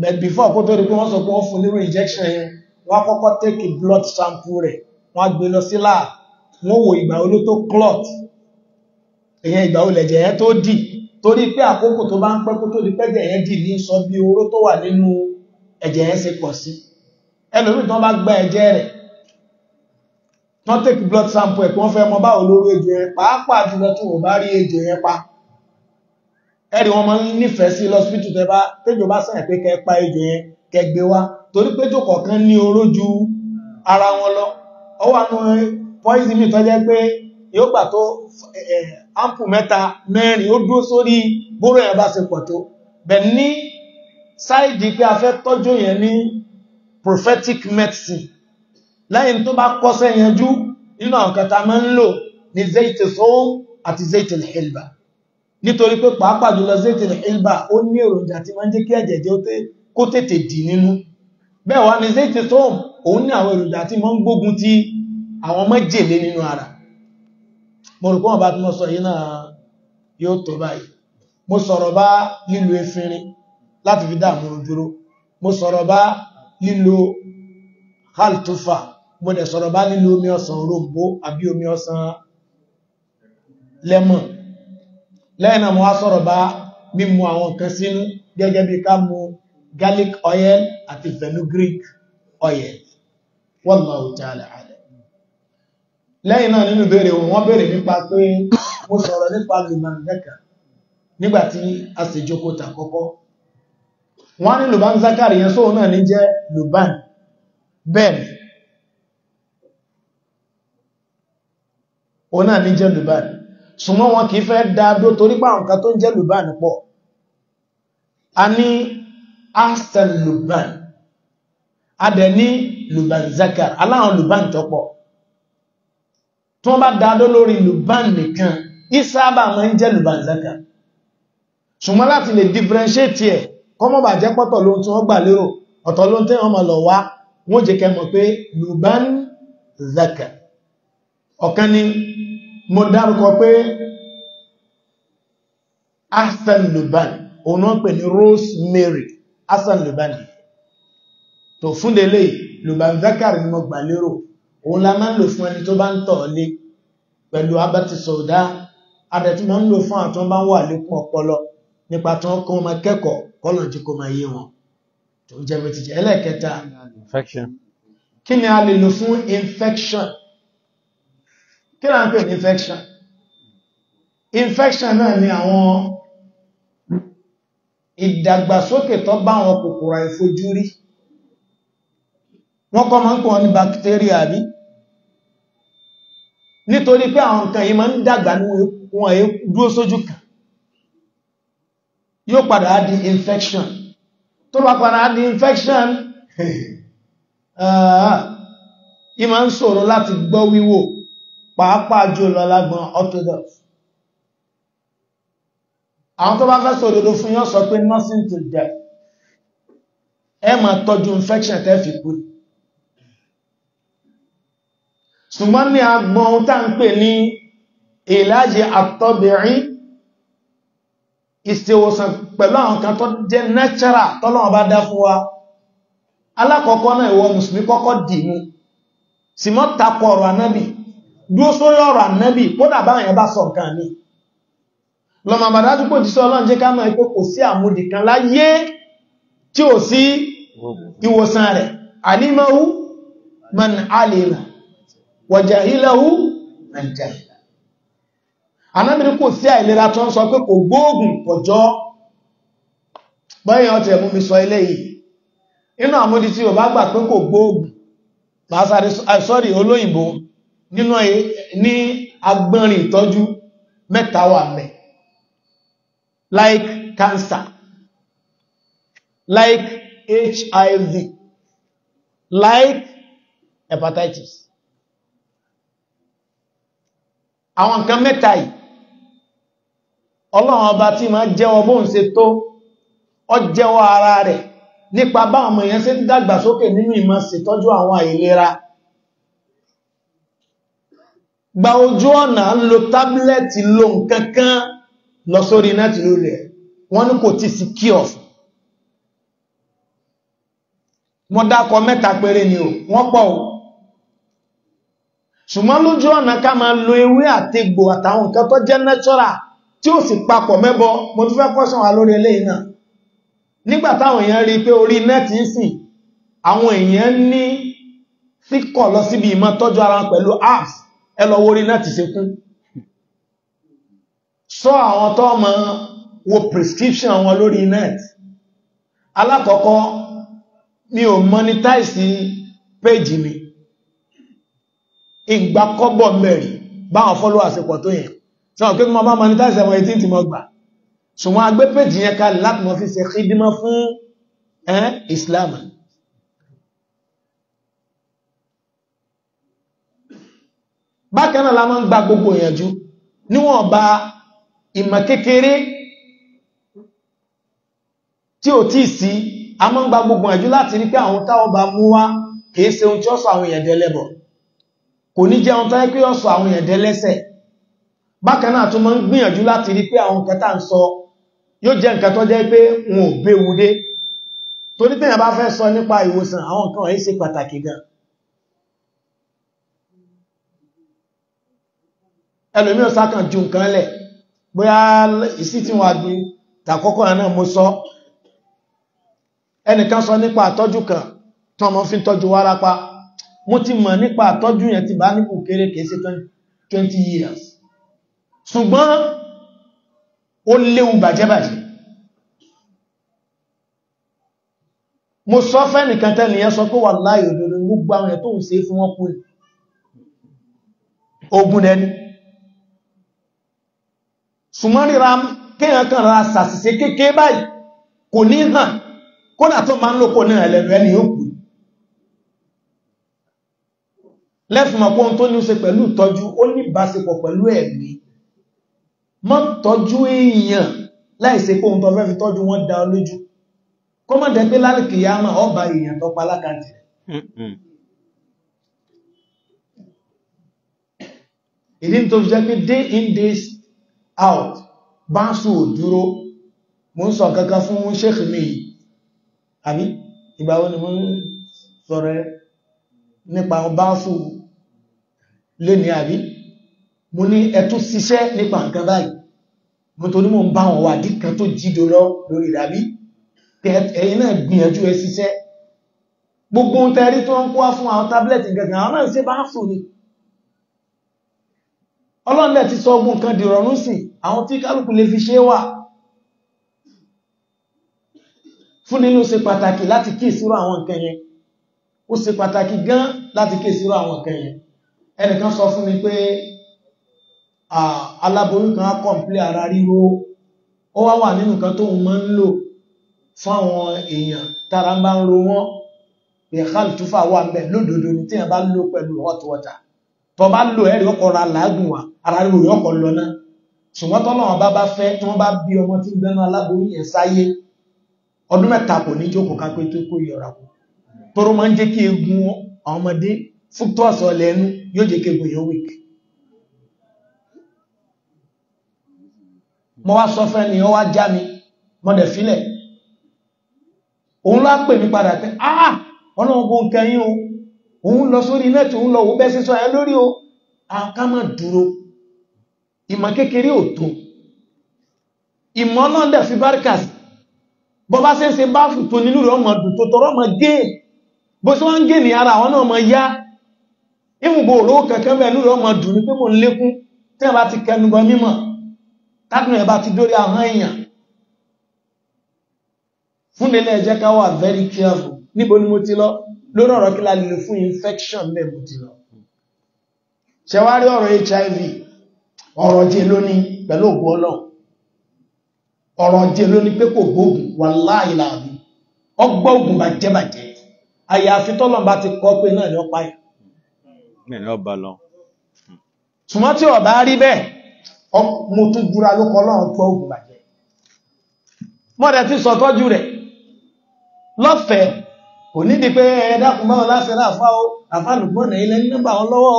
[SPEAKER 2] but before kó tó di pé wọ́n sọ pé wọ́n fún nírú injection yẹn wọ́n kọ́kọ́ take a blood sample rẹ̀ wọ́n gbé lọ sí láà wọ́n wo ìgbà olú tó clot èyàn ìgbà olè jẹ̀ yẹn tó dì torí pé àkókò tó bá ń pẹ́ kó tó di pẹ́jẹ̀ yẹn dì ní sọ bí oró tó wà nínú ẹ̀jẹ̀ yẹn ṣe pọ̀ sí ẹlòmíì tán bá gba ẹ̀jẹ̀ rẹ̀ wọ́n take blood sample ẹ̀ pé wọ́n fẹ́ mọ báwo lórí ejò yẹn pàápàá jùlọ tí wọ́n bá rí ejò yẹn pa ẹ̀rì wọn máa ń nífẹ̀ẹ́ sí lọ́sípítù tẹ́ bá tẹ́jọ bá sàn pé kẹ́ pa ejò yẹn kẹ́ gbé wá torí pé jò kọ̀ọ̀kan ní oró ju ara wọn lọ ọwọ́ àwọn poison mi tọ́jẹ́ pé yóò gbà tó ampu mẹ́ta mẹ́rin ó dúró sórí bóró yẹn bá ṣe pọ̀ tó bẹ̀ ní sáìdì pé a fẹ́ tọ́jú yẹn ní prophetic medicine lẹ́yìn tó bá kọ́sẹ́ yanjú nínú àwọn kẹta máa ń lò ní zaiti soul àti zaiti hilba nítorí pé pàápàá jùlọ zaiti hilba ó ní èròjà tí máa ń jẹ́ kí ẹ̀jẹ̀ jẹ́ kó tètè dì nínú bẹ́ẹ̀ wá ní zaiti soul òun ní àwọn èròjà tí máa ń gbógun ti àwọn májèlé nínú ara mo rò mo dẹ̀ sọ̀rọ̀ bá nílò omi ọsàn rómbó àbí omi ọsàn lẹ́mọ̀n lẹ́yìn náà mo sọ̀rọ̀ bá mímu àwọn nǹkan sínú gẹ́gẹ́ bí ká mu garlic oil àti fenugreek oil wallahu ta'ala alam
[SPEAKER 1] lẹ́yìn náà nínú béèrè wọn wọ́n béèrè nípa
[SPEAKER 2] pé mo sọ̀rọ̀ nípa lùmọ̀ǹdẹ́kà nígbàtí a sì jókòó tàkọ́kọ́ wọ́n ní lùbán zákàrí yẹn sóhun náà ní jẹ́ lùbán bẹ́ẹ̀ òun náà ní jẹ́lùbán ṣùgbọ́n wọn kìí fẹ́ dáadó torí pé àwọn kan tó ń jẹ́lùbán pọ̀ a ní astel luban a dẹ̀ ní luban zakar aláwọn luban tó pọ̀ tí wọ́n bá dáadó lórí luban nìkan ìsáàbà máa ń jẹ́ zakar ṣùgbọ́n láti lè differentiate ẹ̀ kọ́mọ́ bà jẹ́ pọ́tọ̀ lóhun tí wọ́n gbà lérò ọ̀tọ̀ lóhun tí wọ́n mọ̀ lọ wá wọ́n jẹ́ kẹ́ mọ̀ pé luban zakar ọ̀kan ni mo dárúkọ pé Hassan Lubani òun náà pè ní Rosemary Hassan Lubani tó fúndélé Lubani Zakari ni mo gbà lérò òun la máa ń lò fún ẹni tó bá ń tọ̀ lé pẹ̀lú abẹ́tì sọ̀dá adẹ̀ tí máa ń lò fún àtọ́ bá wà lékún ọpọlọ nípa tán kó máa kẹ́kọ̀ọ́ kọ́lọ̀ jí kó máa yé wọn tó jẹ́ bó ti jẹ́ ẹlẹ́ẹ̀kẹta kí ni a lè lò fún infection kí là ń pè ní infection infection náà ni àwọn ìdàgbàsókè tó bá àwọn kòkòrò àìfojúrí wọ́n kọ́ máa ń pè ní bacteria bí nítorí pé àwọn nǹkan yìí máa ń dàgbà ní wọn èé dúró sójú kan yóò padà di infection tó bá padà di infection ah, ìmọ̀ ń ṣòro láti gbọ́ wíwò pàápàá jùlọ lágbọn orthodox àwọn tó bá fẹ́ sọ òdodo fún yọ́ sọ pé nothing to death ẹ máa tọ́jú infection tẹ́ fi kú ṣùgbọ́n ní agbọn tá ń pè ní ìlàjì àtọ́bìnrin ìṣèwòsàn pẹ̀lú àwọn kan tó jẹ́ natural tọ́lọ́wọ́n bá dá fún wa alákọ̀ọ́kọ́ náà ìwọ mùsùlùmí kọ́kọ́ dì mú sì mọ́ takọ̀ ọ̀rọ̀ anábì dúó sórí ọ̀rọ̀ ànábì kódà báwọn yẹn bá sọ nǹkan ní lọ́mọ àbàdájú pò jíṣẹ́ ọlọ́run jẹ́ ká mọ̀ ipò kò sí àmúdì kan láyé tí ò sí ìwòsàn rẹ̀ alimahu man alima wa jahilahu man jahila anábìrí kò sí àìlera tó ń sọ pé kò gbóògùn pọ̀jọ́ bọ́yìn ọ̀tẹ̀ mú mi sọ ilé yìí inú àmúdí tí ah, olóyìnbó nínú ní agbọ́nrin ìtọ́jú mẹ́ta wà mẹ́ like cancer like HIV like hepatitis àwọn nǹkan mẹ́ta yìí ọlọ́run ọba tí ma jẹ́wọ́ bóhùn ṣe tó ọ jẹ́wọ́ ara rẹ̀ nípa báwọn èèyàn ṣe ń dàgbàsókè nínú ìmọ̀ ṣètọ́jú àwọn àìlera gba ojú ọ̀nà lo tábílẹ̀tì lo nǹkan kan lọ sórí iná tìlú rẹ̀ wọ́n ní kò ti secure fún mo dákọ mẹ́ta péré ni o wọ́n pọ̀ o ṣùgbọ́n lójú ọ̀nà ká máa lo ewé àtegbò àtàwọn nǹkan tó jẹ́ natural tí ó sì papọ̀ mẹ́bọ mo tún fẹ́ kọ́ṣàn wa lórí eléyìí náà nígbà táwọn èèyàn rí i pé orí nẹ́ẹ̀tì ń sìn àwọn èèyàn ní síkọ̀ lọ síbi ìmọ̀ tọ́jú ara pẹ̀lú apps ẹlọ́wọ́ orí náà ti ṣe sọ àwọn tó mọ wo prescription wọn lórí net alákọ̀ọ́kọ́ mi ò monetize page mi ìgbà kọ́bọ̀ mẹ́rin báwọn followers pọ̀ tó yẹn sọ pé mo bá monetize ẹ̀wọ̀n etí tí mo gbà ṣùgbọ́n agbé page yẹn kalẹ̀ láti mọ́ fi ṣe kídímọ́ fún Islam bákan náà la máa ń gba gbogbo ìyànjú níwọ̀n bá ìmọ̀ kékeré tí ò tí sí a máa ń gba gbogbo ìyànjú láti rí pé àwọn táwọn bá mú wá kìí ṣe ohun tí ó sọ àwọn èèyàn dẹlẹ́bọ̀ kò ní jẹ́ ohun tó yẹ pé ó sọ àwọn èèyàn dẹlẹ́sẹ̀ bákan náà tún máa ń gbìyànjú láti rí pé àwọn nǹkan tá ń sọ yóò jẹ́ nǹkan ẹlòmí ò sákàn ju nǹkan lẹ̀ bóyá ìsí tí wọ́n agbí tàkọ́kọ́ náà mo sọ ẹnìkan sọ nípa àtọ́jú kan tí wọ́n fi ń tọ́jú wárápá mo ti mọ̀ nípa àtọ́jú yẹn ti bá nípò kéré kìí 20 years ṣùgbọ́n ó léwu bàjẹ́bàjẹ́ mo sọ fẹ́nìkan tẹ́lìyàn sọ pé wà láyé òdòdó gbogbo àwọn ẹ̀ tó ń ṣe fún wọn kú ogun ẹni sùmọ́ríra kéèyàn kan ra sàṣìṣe kéèké báyìí kò ní hàn kódà tó máa ń lòkò náà ẹlẹ́nu ẹni yóò kù lẹ́fìmọ̀ pé ohun tó ní ó ṣe pẹ̀lú ìtọ́jú ó ní ìbáṣepọ̀ pẹ̀lú ẹ̀mí mọ́ tọ́jú èèyàn láìsí pé ohun tó fẹ́ fi tọ́jú wọn ìdí tó fi jẹ́ pé day in days out bá ń sùn òdúró mo ń sọ kankan fún ṣéèkì mi yìí àbí ìgbà wo ni mo ń sọ̀rọ̀ nípa àwọn bá ń sùn lé ní àbí mo ní ẹ̀tún ṣiṣẹ́ nípa nǹkan báyìí mo tó ní mo ń bá wọn wà dí kan tó jído lọ lórí ìdàbí ẹ̀yin náà gbìyànjú ẹ ṣiṣẹ́ gbogbo ohun tẹ́rí tó ń kó wá fún àwọn tábìlẹ̀tì gẹ̀gẹ̀ àwọn náà ṣe bá ń sùn ni ọlọ́run dẹ̀ ti sọ ogun nǹkan dìrọ̀rùn sí àwọn tí kálùkù lè fi ṣe wà fún nínú ṣe pàtàkì láti kí ìsírò àwọn nǹkan yẹn ó ṣe pàtàkì gan láti kí ìsírò àwọn nǹkan yẹn ẹnìkan sọ fún mi pé aláboyún kan á kọ̀m̀plé ara ríro ó wá wà nínú nǹkan tóun máa ń lò fún àwọn èèyàn tára ń bá ń ro wọn pé hàlùtúfà wà ń bẹ̀ lódodo ni tí èèyàn bá lò pẹ̀lú hot water tọbaa lo lò ẹ̀rí ọkọ̀ ra làágùn wa ara rí òyìn ọkọ̀ lọ náà ṣùgbọ́n tọ́nà ọba bá fẹ́ tí wọ́n bá bí ọmọ tí ń bẹnu aláboyún yẹn sáyé ọdún mẹ́ta kò ní jókòó ká pé tó kó yọra kù tóró máa ń jẹ́ kí egun àwọn ọmọdé yóò jẹ́ kí egun yóò mo wá sọ fẹ́ ni ó wá já mi mo dẹ̀ o òun lọ sórí iná tí òun lọ wò bẹ́ sí sọ ẹ lórí o àkámọ̀ dúró ìmọ̀ kékeré ò tó ìmọ̀ náà dẹ̀ fi bárkàs bọ́bá sí ṣe bá fùtò nínú rẹ̀ ọmọ dùn tó tọrọ ọmọ gé bó sí wọ́n gé ní ara àwọn náà ọmọ yá ìmùgbò òróró kankan bẹ̀ nínú rẹ̀ ọmọ dùn ní pé mo lékún tí wọ́n bá ti kẹnugan mímọ̀ tábìlì ẹ̀ bá ti dórí àwọn èèyàn fún lélẹ̀ ẹ̀jẹ̀ ká very careful níbo ni mo ti lọ lórí ọ̀rọ̀ kí la lè fún infection mẹ́mù ti lọ ṣẹwárí ọ̀rọ̀ HIV ọ̀rọ̀ jẹ lónìí pẹ̀lú ògùn ọlọ́ ọ̀rọ̀ jẹ lónìí pé kò gbóògùn wàláhì láàbí ọgbọ́ ògùn bá jẹ́ bàjẹ́ àyàfi tọ́lọ̀ bá ti kọ́ pé náà ni ó páyà ṣùgbọ́n tí ọ̀bá rí bẹ́ẹ̀ mo tún jura ló kọ́ lọ́rùn pọ́ ògùn bàjẹ́ mọ́dẹ̀ ti sọ tọ́jú rẹ̀ lọ́fẹ̀ẹ́ kò pé ẹ̀ẹ́dàkùn báwọn láti rà o àfàlùkù ọ̀nà ilẹ̀ nọ́mbà wọn lọ́wọ́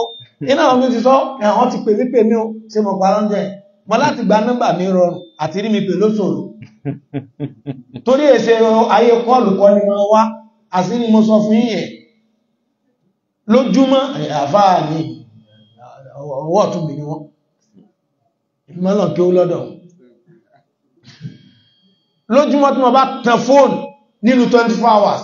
[SPEAKER 2] iná àwọn ti sọ ẹ̀họ́n ti pè wípé mi ò ṣe mọ̀ parọ́ jẹ́ mọ́ láti gba nọ́mbà mi rọrùn àti rí mi pè lóṣòro torí èsè ayé kọlù kọ́ ni wọ́n wá àti ni mo sọ fún yíyẹ lójúmọ́ àfáà ni ọwọ́ tún bì ní wọ́n ìmọ́lọ̀ kí ó lọ́dọ̀ lójúmọ́ tí wọ́n bá tan fóònù nínú 24 hours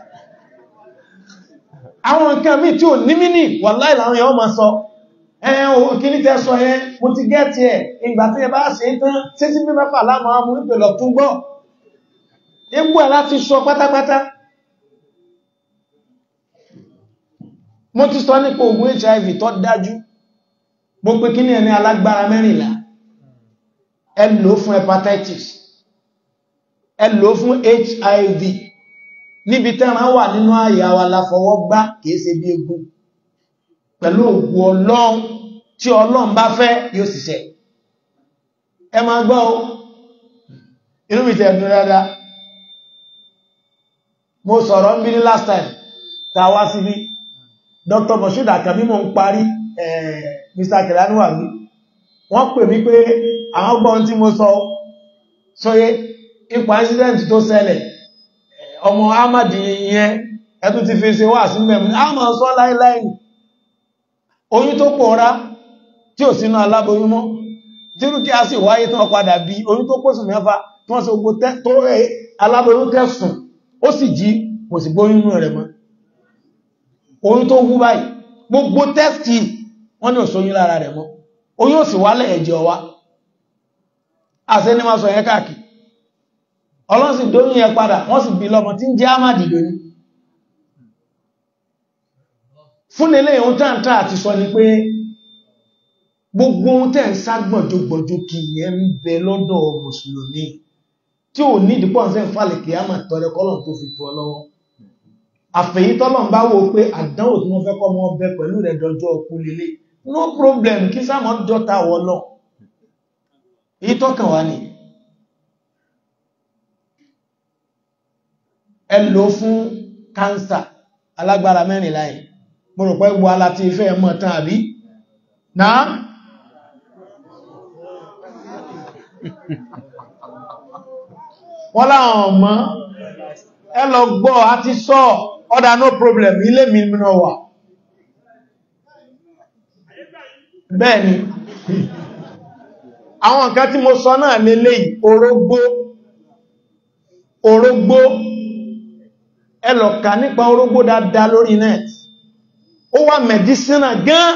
[SPEAKER 2] àwọn nǹkan míì tí ò ní mínì wà láì láwọn èèyàn máa sọ ẹ̀yẹn òun kí ní tẹ́ sọ yẹn mo ti gẹ́ẹ̀tì ẹ̀ ìgbà tí ẹ bá ṣe é tán títí bí mẹ́fà láàmú àmú ìpèlọ̀ tún gbọ́ ipò ẹ̀ láti sọ pátápátá mo ti sọ nípa oògùn HIV tó dájú mo pe kí ní ẹni alágbára mẹ́rìnlá ẹ lò fún hepatitis ẹ lò fún HIV níbi tẹ́ran wà nínú àyà wa láfọwọ́ gbá kìí ṣe bí egun pẹ̀lú ògbò ọlọ́run tí ọlọ́run bá fẹ́ yóò ṣiṣẹ́ ẹ máa gbọ́ o inú mi tẹ̀ẹ̀dùn dáadáa mo sọ̀rọ̀ ń bí ní last time ta wá sí bí Dr. Moshood Akami mo ń parí Mr. Kelani wà mí wọ́n pè mí pé àwọn gbọ́n tí mo sọ sóyé ipa incident tó ṣẹlẹ̀ ọmọ Ahmad yẹn ẹ̀tù ti fi ṣe wà sí mẹ́rin a máa sọ láíláì oyún tó pòórá tí ò sínú aláboyún mọ́ tí rú kí a sì wáyé tán padà bí oyún tó pòsùn mẹ́fà tí wọ́n sì gbogbo tó rẹ̀ aláboyún kẹsùn ó sì jí kò sì gbóyún inú rẹ̀ mọ́ oyún tó wú ọlọ́run sì dóyún yẹn padà wọ́n sì bí lọ́mọ tí ń jẹ́ ámàdì lónìí fún ilé ìhun táǹtà àti sọ ni pé gbogbo ohun tẹ́ ń ságbọ̀njọgbọ̀njọ kì yẹn ń bẹ lọ́dọ̀ mùsùlùmí tí ò ní ìdípọ̀ ṣe ń falẹ̀ kí á mà tọrẹ kọ́lọ̀ tó fi tọ́ lọ́wọ́ àfẹ̀yí tọ́lọ̀ ń bá wo pé àdánwò tí wọ́n no problem kí sáà mọ́ dọ́ta wọ́ lọ ẹ lò fún kánsà alágbára mẹ́rìnlá ẹ̀ mo rò pé gbọ́ aláti ìfẹ́ ẹ̀mọ̀ tán àbí náà wọ́n láwọn ọmọ ẹ gbọ́ àti sọ ọ̀dá no problem ilé mi náà wà bẹ́ẹ̀ni àwọn nǹkan tí mo sọ náà lélẹ́yìí orógbó orógbó ẹlọ̀ka nípa orógbó dáadáa lórí net ó wà mẹ̀dísínà gán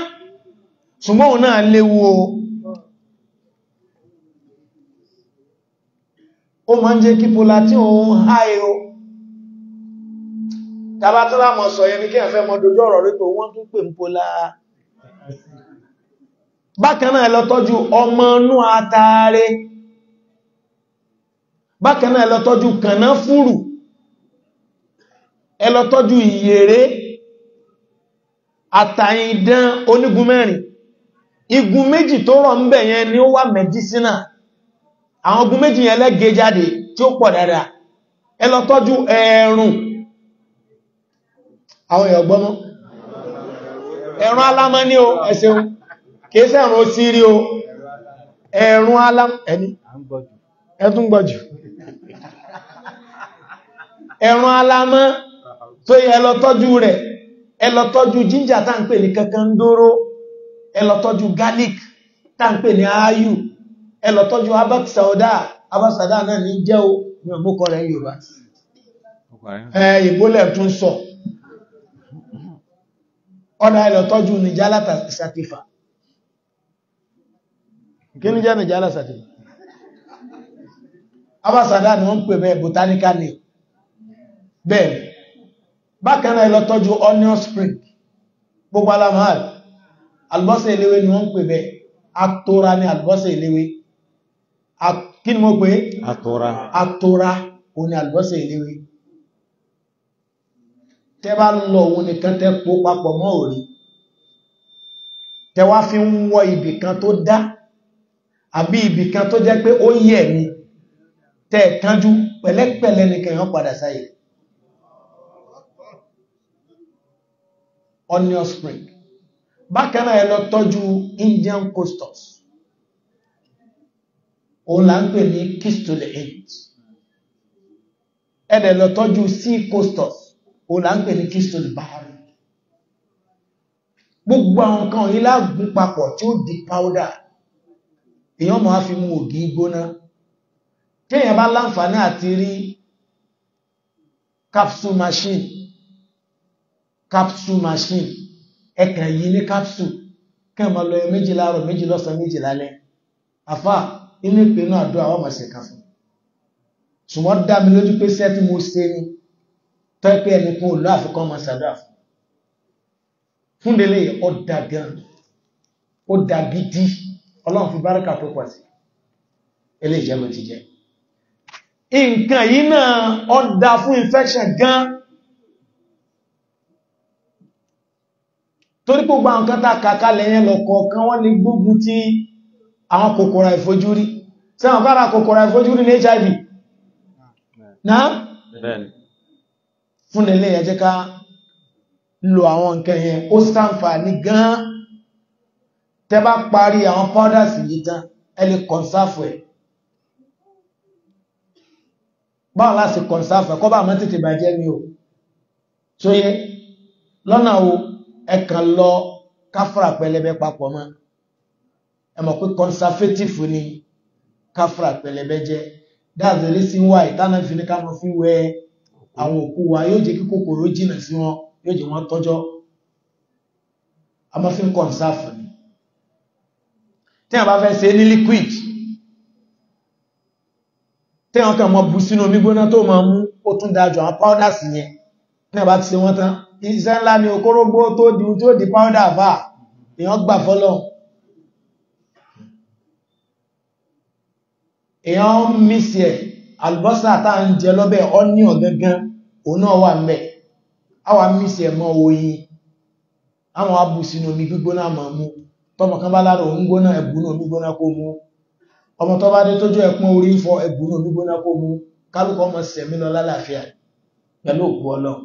[SPEAKER 2] ṣùgbọ́n náà léwu o ó máa ń jẹ́ kí pola tí o tàbá tó lámọ̀ sọ yẹn ní kí ẹ̀fẹ́ mọ́ ọ̀rọ̀ rípo wọ́n tún pè ń pola bákan náà ọmọ ẹ lọ tọ́jú ìyèrè àtàyìndán onígun mẹ́rin igun méjì tó rọ̀ ń bẹ̀ yẹn ni ó wà mẹ́dísínà àwọn igun méjì yẹn lẹ́gẹ jáde tí ó pọ̀ dada. ẹ lọ tọ́jú ẹ̀rùn àwọn èèyàn gbọ́mọ́ ẹ̀rùn alámọ́ ní o ẹ̀sẹ̀un kìí sẹ́rùn ó sí rí o ẹ̀rùn alámọ́ ẹni ẹ̀tún gbọ́jù ẹ̀rùn alámọ́ pé ẹ lọ tọ́jú rẹ̀ ẹ lọ tọ́jú ginger tá ń pè ní kankan dóró ẹ lọ tọ́jú garlic tá ń pè ní aáyù ẹ lọ tọ́jú abak sauda abak sauda náà ní jẹ́ o ní ọmọkọ rẹ̀ Yorùbá ẹ ìbólẹ̀ tún ni wọ́n ń pè bẹ́ẹ̀ botanical name bẹ́ẹ̀ bákan náà lọ tọ́jú onion spring gbogbo alamahal àlùbọ́sẹ̀ eléwé ni wọ́n ń pè bẹ́ atora ni àlùbọ́sẹ̀ eléwé kí ni mo pè atora atora o ni àlùbọ́sẹ̀ eléwé tẹ bá lọ òun nìkan tẹ po papọ̀ mọ́ òrí tẹ wá fi ń wọ ibìkan tó dá àbí ibìkan tó jẹ́ pé ó yẹ̀ ni tẹ kánjú pẹ̀lẹ́pẹ̀lẹ́ nìkan yàn padà sáyẹ̀ onion spring bákan náà ẹ lọ tọ́jú Indian custards òun là ń pè ní kiss to the eight ẹ dẹ̀ lọ tọ́jú sea coasters? òun là ń pè ní kiss to the bahari gbogbo àwọn nǹkan yìí lágùn papọ̀ tí ó di powder èèyàn máa fi mu ògì gbóná téèyàn bá láǹfààní àti rí capsule machine capsule machine ẹkàn yìí ní capsule kẹ́ ma lọ méjì láàrọ̀ méjì lọ́sàn méjì lálẹ́ àfà inú ìpè náà àdó àwọn ọmọ ṣẹ̀kà fún ṣùgbọ́n dá mi lójú pé sẹ́tí mo ṣe ni tọ́ pé ẹni kún òlú àfikọ́ ọmọ ṣàdá fún fún délé ọ dà gan ó dà gidi ọlọ́run fi bárakà tó pọ̀ sí eléyìí mo ti jẹ́ nǹkan yìí náà ọ dà fún infection gan torí gbogbo àwọn kan tá kàkálẹ̀ yẹn lọ́kọ̀ọ̀kan wọ́n ní gbógun ti àwọn kòkòrò àìfojúrí tí àwọn kára kòkòrò àìfojúrí ní hiv náà fún ilé ẹjẹ́ ká lo àwọn nǹkan yẹn ó sáǹfà ní gan tẹ́ bá parí àwọn powders yìí tán ẹ kọ̀nsáfù ẹ̀ báwọn láti kọ̀nsáfù ẹ̀ kọ́ bá mọ́ tètè bàjẹ́ mi ò tó lọ́nà wo ẹkàn lọ káfàrà pẹlẹbẹ papọ̀ mọ́ ẹmọ̀ pé conservative ni káfàrà pẹlẹbẹ jẹ́ that's the reason why ìtànà fi ní ká fi wẹ àwọn òkú wa yóò jẹ́ kí kòkòrò jìnà sí wọn yóò jẹ́ tọ́jọ́ a mọ́ fi ń conserve ni tí a bá fẹ́ ṣe ní liquid tí wọ́n kàn mọ́ bù sínú omi gbóná tó máa mú ó tún dájú iṣẹ́ ńlá ni okórógbó tó di tó di pàwọ́dà fà èyàn gbà fọ́lọ̀ èyàn mísì ẹ̀ albọ́sà táà ń jẹ lọ́bẹ̀ onion gangan òun náà wà mẹ́ àwà mísì ẹ̀ mọ́ oyin àwọn abù sínú omi gbígbóná mọ̀ mú tọmọ kan bá lára òun gbóná ẹ̀bùnú omi gbóná kó mú ọmọ tó bá dé tójú ẹ̀pọ́n orí ń fọ ẹ̀bùnú omi gbóná kó mú kálùkọ́ mọ̀ sẹ̀mí lọ lálàáfíà pẹ̀lú òkú ọlọ́run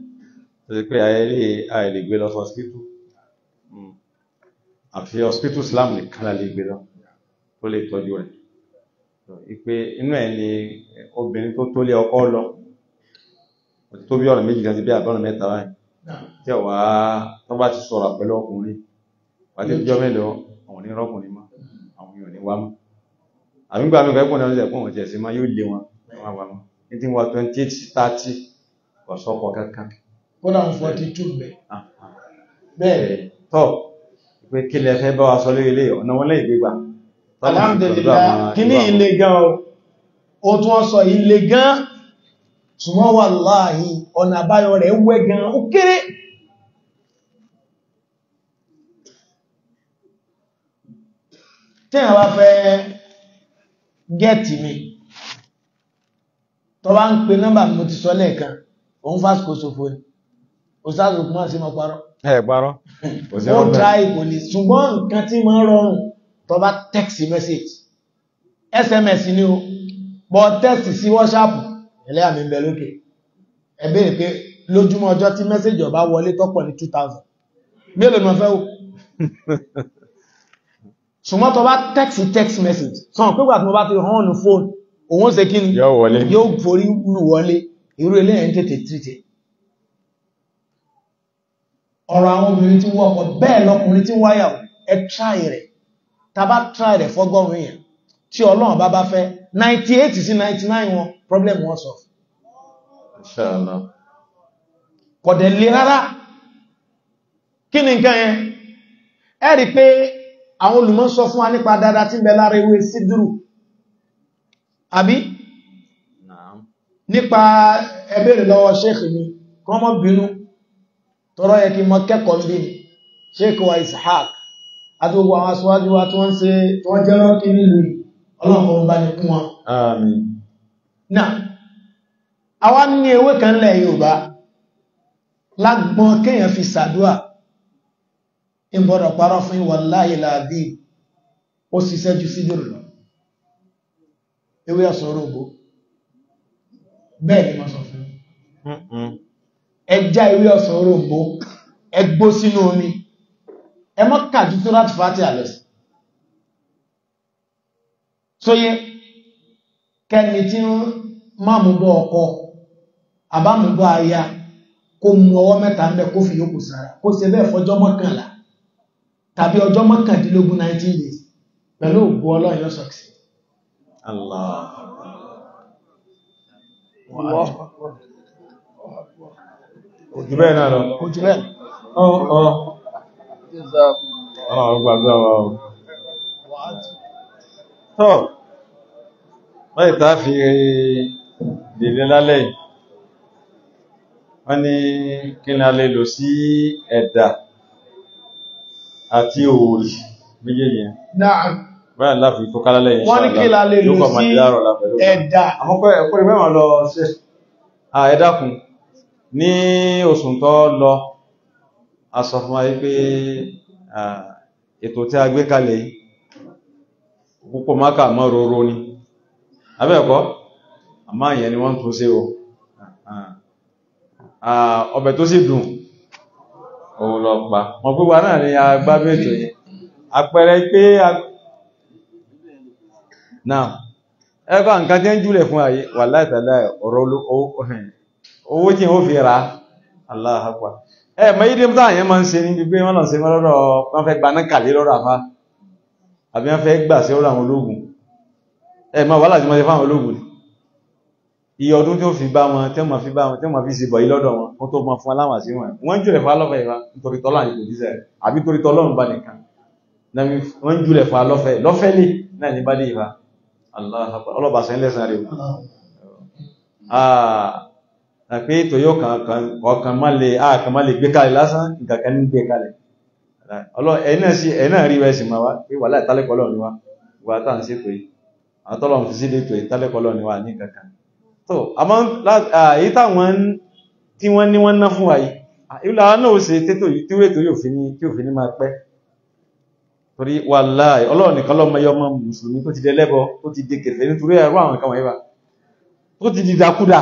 [SPEAKER 1] tó ṣe pé àyè lè gbé lọ sí ọsibítù hmm. àfi ọsibítù Islam nìkan la lè gbé lọ tó lè tọ́jú rẹ̀ ìpè inú ẹ̀ ni obìnrin tó tó lé ọkọ lọ tó bí ọ̀nà méjì kan ti bí àbọ̀nà mẹ́ta báyìí tí ọ̀wá tó bá ti sọ̀rọ̀ pẹ̀lú ọkùnrin wà ní ìjọ mẹ́lẹ̀ ọ̀hún ní rọ́kùnrin mọ́ àwọn èèyàn ní wá mọ́ àmì gbà mí kẹ́kọ̀ọ́ náà ṣẹ̀kùn ọ̀jẹ̀ sí máa yóò lé wọn ní wá mọ́ ní tí wọ́n twenty eight thirty ọ̀sọ́kọ̀ kankan
[SPEAKER 2] kódà ń fọ́tí tù mẹ́ ah, ah.
[SPEAKER 1] bẹ́ẹ̀ eh, tọ́ pé kí lẹ fẹ́ bá wa sọ lórí ilé ọ̀nà wọn lẹ́yìn gbígbà alhamdulillah kí ní
[SPEAKER 2] bá fẹ́ gẹ́ẹ̀tì mi tó bá ń pe nọ́mbà mo ti sọ lẹ́ẹ̀kan òun fásitì kò ni Ustaz Lukman sí mọ́ parọ́. ẹ parọ́. ó try kò lè ṣùgbọ́n nǹkan tí máa rọrùn tó bá text message sms ni o bọ́ text sí whatsapp ẹlẹ́yà mi ń bẹ lókè ẹ pé lójúmọ́ ọjọ́ tí message ọba wọlé tọ́pọ̀ ní two thousand mélòó ni wọ́n fẹ́ wò ṣùgbọ́n tó bá text text message sọ pé gbà tí mo bá ti hàn ní fóònù òun ṣe kí ni yóò forí wọlé irú eléyà ń tètè tìrìtì ọ̀rọ̀ àwọn obìnrin tí wọ́n ọkọ̀ bẹ́ẹ̀ lọkùnrin tí wáyà ẹ tráì rẹ̀ tàbá tráì rẹ̀ fọ́gọ́rùn èèyàn tí ọlọ́run bá bá fẹ́ 98 sí 99 wọn problem wọn sọ Inshallah kọ̀dẹ̀ lè rárá kí ni nǹkan yẹn ẹ rí pé àwọn olùmọ̀ sọ fún wa nípa dáadáa tí ń bẹ lára ewé sídúrù àbí nípa ẹbẹ̀rẹ̀ lọ́wọ́ ṣéèkì mi kọ́mọ́ bínú tọ́rọ yẹ kí mọ́ kẹ́kọ̀ọ́ ń bí Sheikh wa Ishaq àti gbogbo àwọn aṣíwájú wa tí wọ́n ṣe tí wọ́n jẹ́ ránkí nílùú ọlọ́run bá ní kún wọn àmín náà àwa ní ewé kan lẹ̀ Yorùbá lágbọn kéèyàn fi sàdúà ìbọ̀dọ̀ parọ́ fún wallahi láàbí ó ṣiṣẹ́ ju sídìrì lọ ewé ọ̀sọ̀rọ̀ ògbó bẹ́ẹ̀ ni wọ́n sọ ẹjá ewé ọ̀sán òròmbó ẹgbó sínú omi ẹ mọ́ kàjú tó láti fàtí àlọ́sí sóyé kẹni tí ń má mú ọkọ àbámúbọ́ aya kó mú ọwọ́ mẹ́ta ń bẹ kó fi yókù sára kó ṣe bẹ́ẹ̀ fọjọ́ mọ́kànlá tàbí ọjọ́ 19 days pẹ̀lú ọlọ́yọ́ Allah. Wow.
[SPEAKER 1] òjú bẹ́ẹ̀ náà lọ òjú bẹ́ẹ̀ ọ̀ọ̀ gbàgbà wa ọ̀ tọ́ báyìí tá fi dèlé lálẹ́ wọ́n ní kí ni a lè lò sí ẹ̀dà àti òòrì méjèèjì náà báyìí láfi tó kálálẹ̀ yìí wọ́n ní kí la lè lò sí ẹ̀dà àmọ́kọ́ ẹ̀kọ́ ẹ̀dàkùn ní oṣù tó lọ a sọ fún wa pé ètò tí a gbé kalẹ̀ yìí púpọ̀ máka mọ́ ni abẹ́ẹ̀kọ́ ni wọ́n tún o ọbẹ̀ tó dùn òun lọ pa mọ̀ pípa náà ni a gbádùn ètò àpẹẹrẹ pé a náà ẹ̀kọ́ nǹkan fún wà owó tí ó fi ra aláhàpá ẹ mọ ìdí tí àyẹn máa ń ṣe ní pípé wọn lọ sí wọn lọ́dọ̀ wọn fẹ́ gba náà kàlé lọ́dọ̀ àfa àbí wọn fẹ́ gbà sí ọ̀dọ̀ àwọn ológun ẹ mọ wàhálà tí wọn ṣe fáwọn ológun iye ọdún tí ó fi bá wọn tí ó máa fi bá wọn tí ó máa fi ṣe bọ̀ yìí lọ́dọ̀ wọn kó tó máa fún aláwọ̀ sí wọn wọ́n ń jùlẹ̀ fún alọ́fẹ́ ìwà nítorí tọ́lọ́ àyè kò díṣẹ́ àbí torí tọ́lọ́run bá nìkan wọ́n jùlẹ̀ fún alọ́fẹ́ lọ́fẹ́ lè náà ní bá dé ìwà ọlọ́bàṣẹ́ ńlẹ̀sán rẹ̀ pé tòyó ọkàn má lè àkàn má lè gbé kalẹ̀ lásán ìkàkàn ní gbé kalẹ̀ ẹ̀nà rí wẹ́sì máa wá pé wà láì tálẹ́kọ̀ọ́lọ́ ni wá wà tá à ń ṣètò yìí àwọn fi sí lẹ́tò yìí ni wá ní kankan tó àmọ́ èyí táwọn tí wọ́n ní wọ́n ná fún wa yìí ìlú àwọn náà ṣe tètò yìí tí wètò yóò fi ní tí ò fi ní máa pẹ́ torí wà láì ọlọ́run nìkan lọ́mọ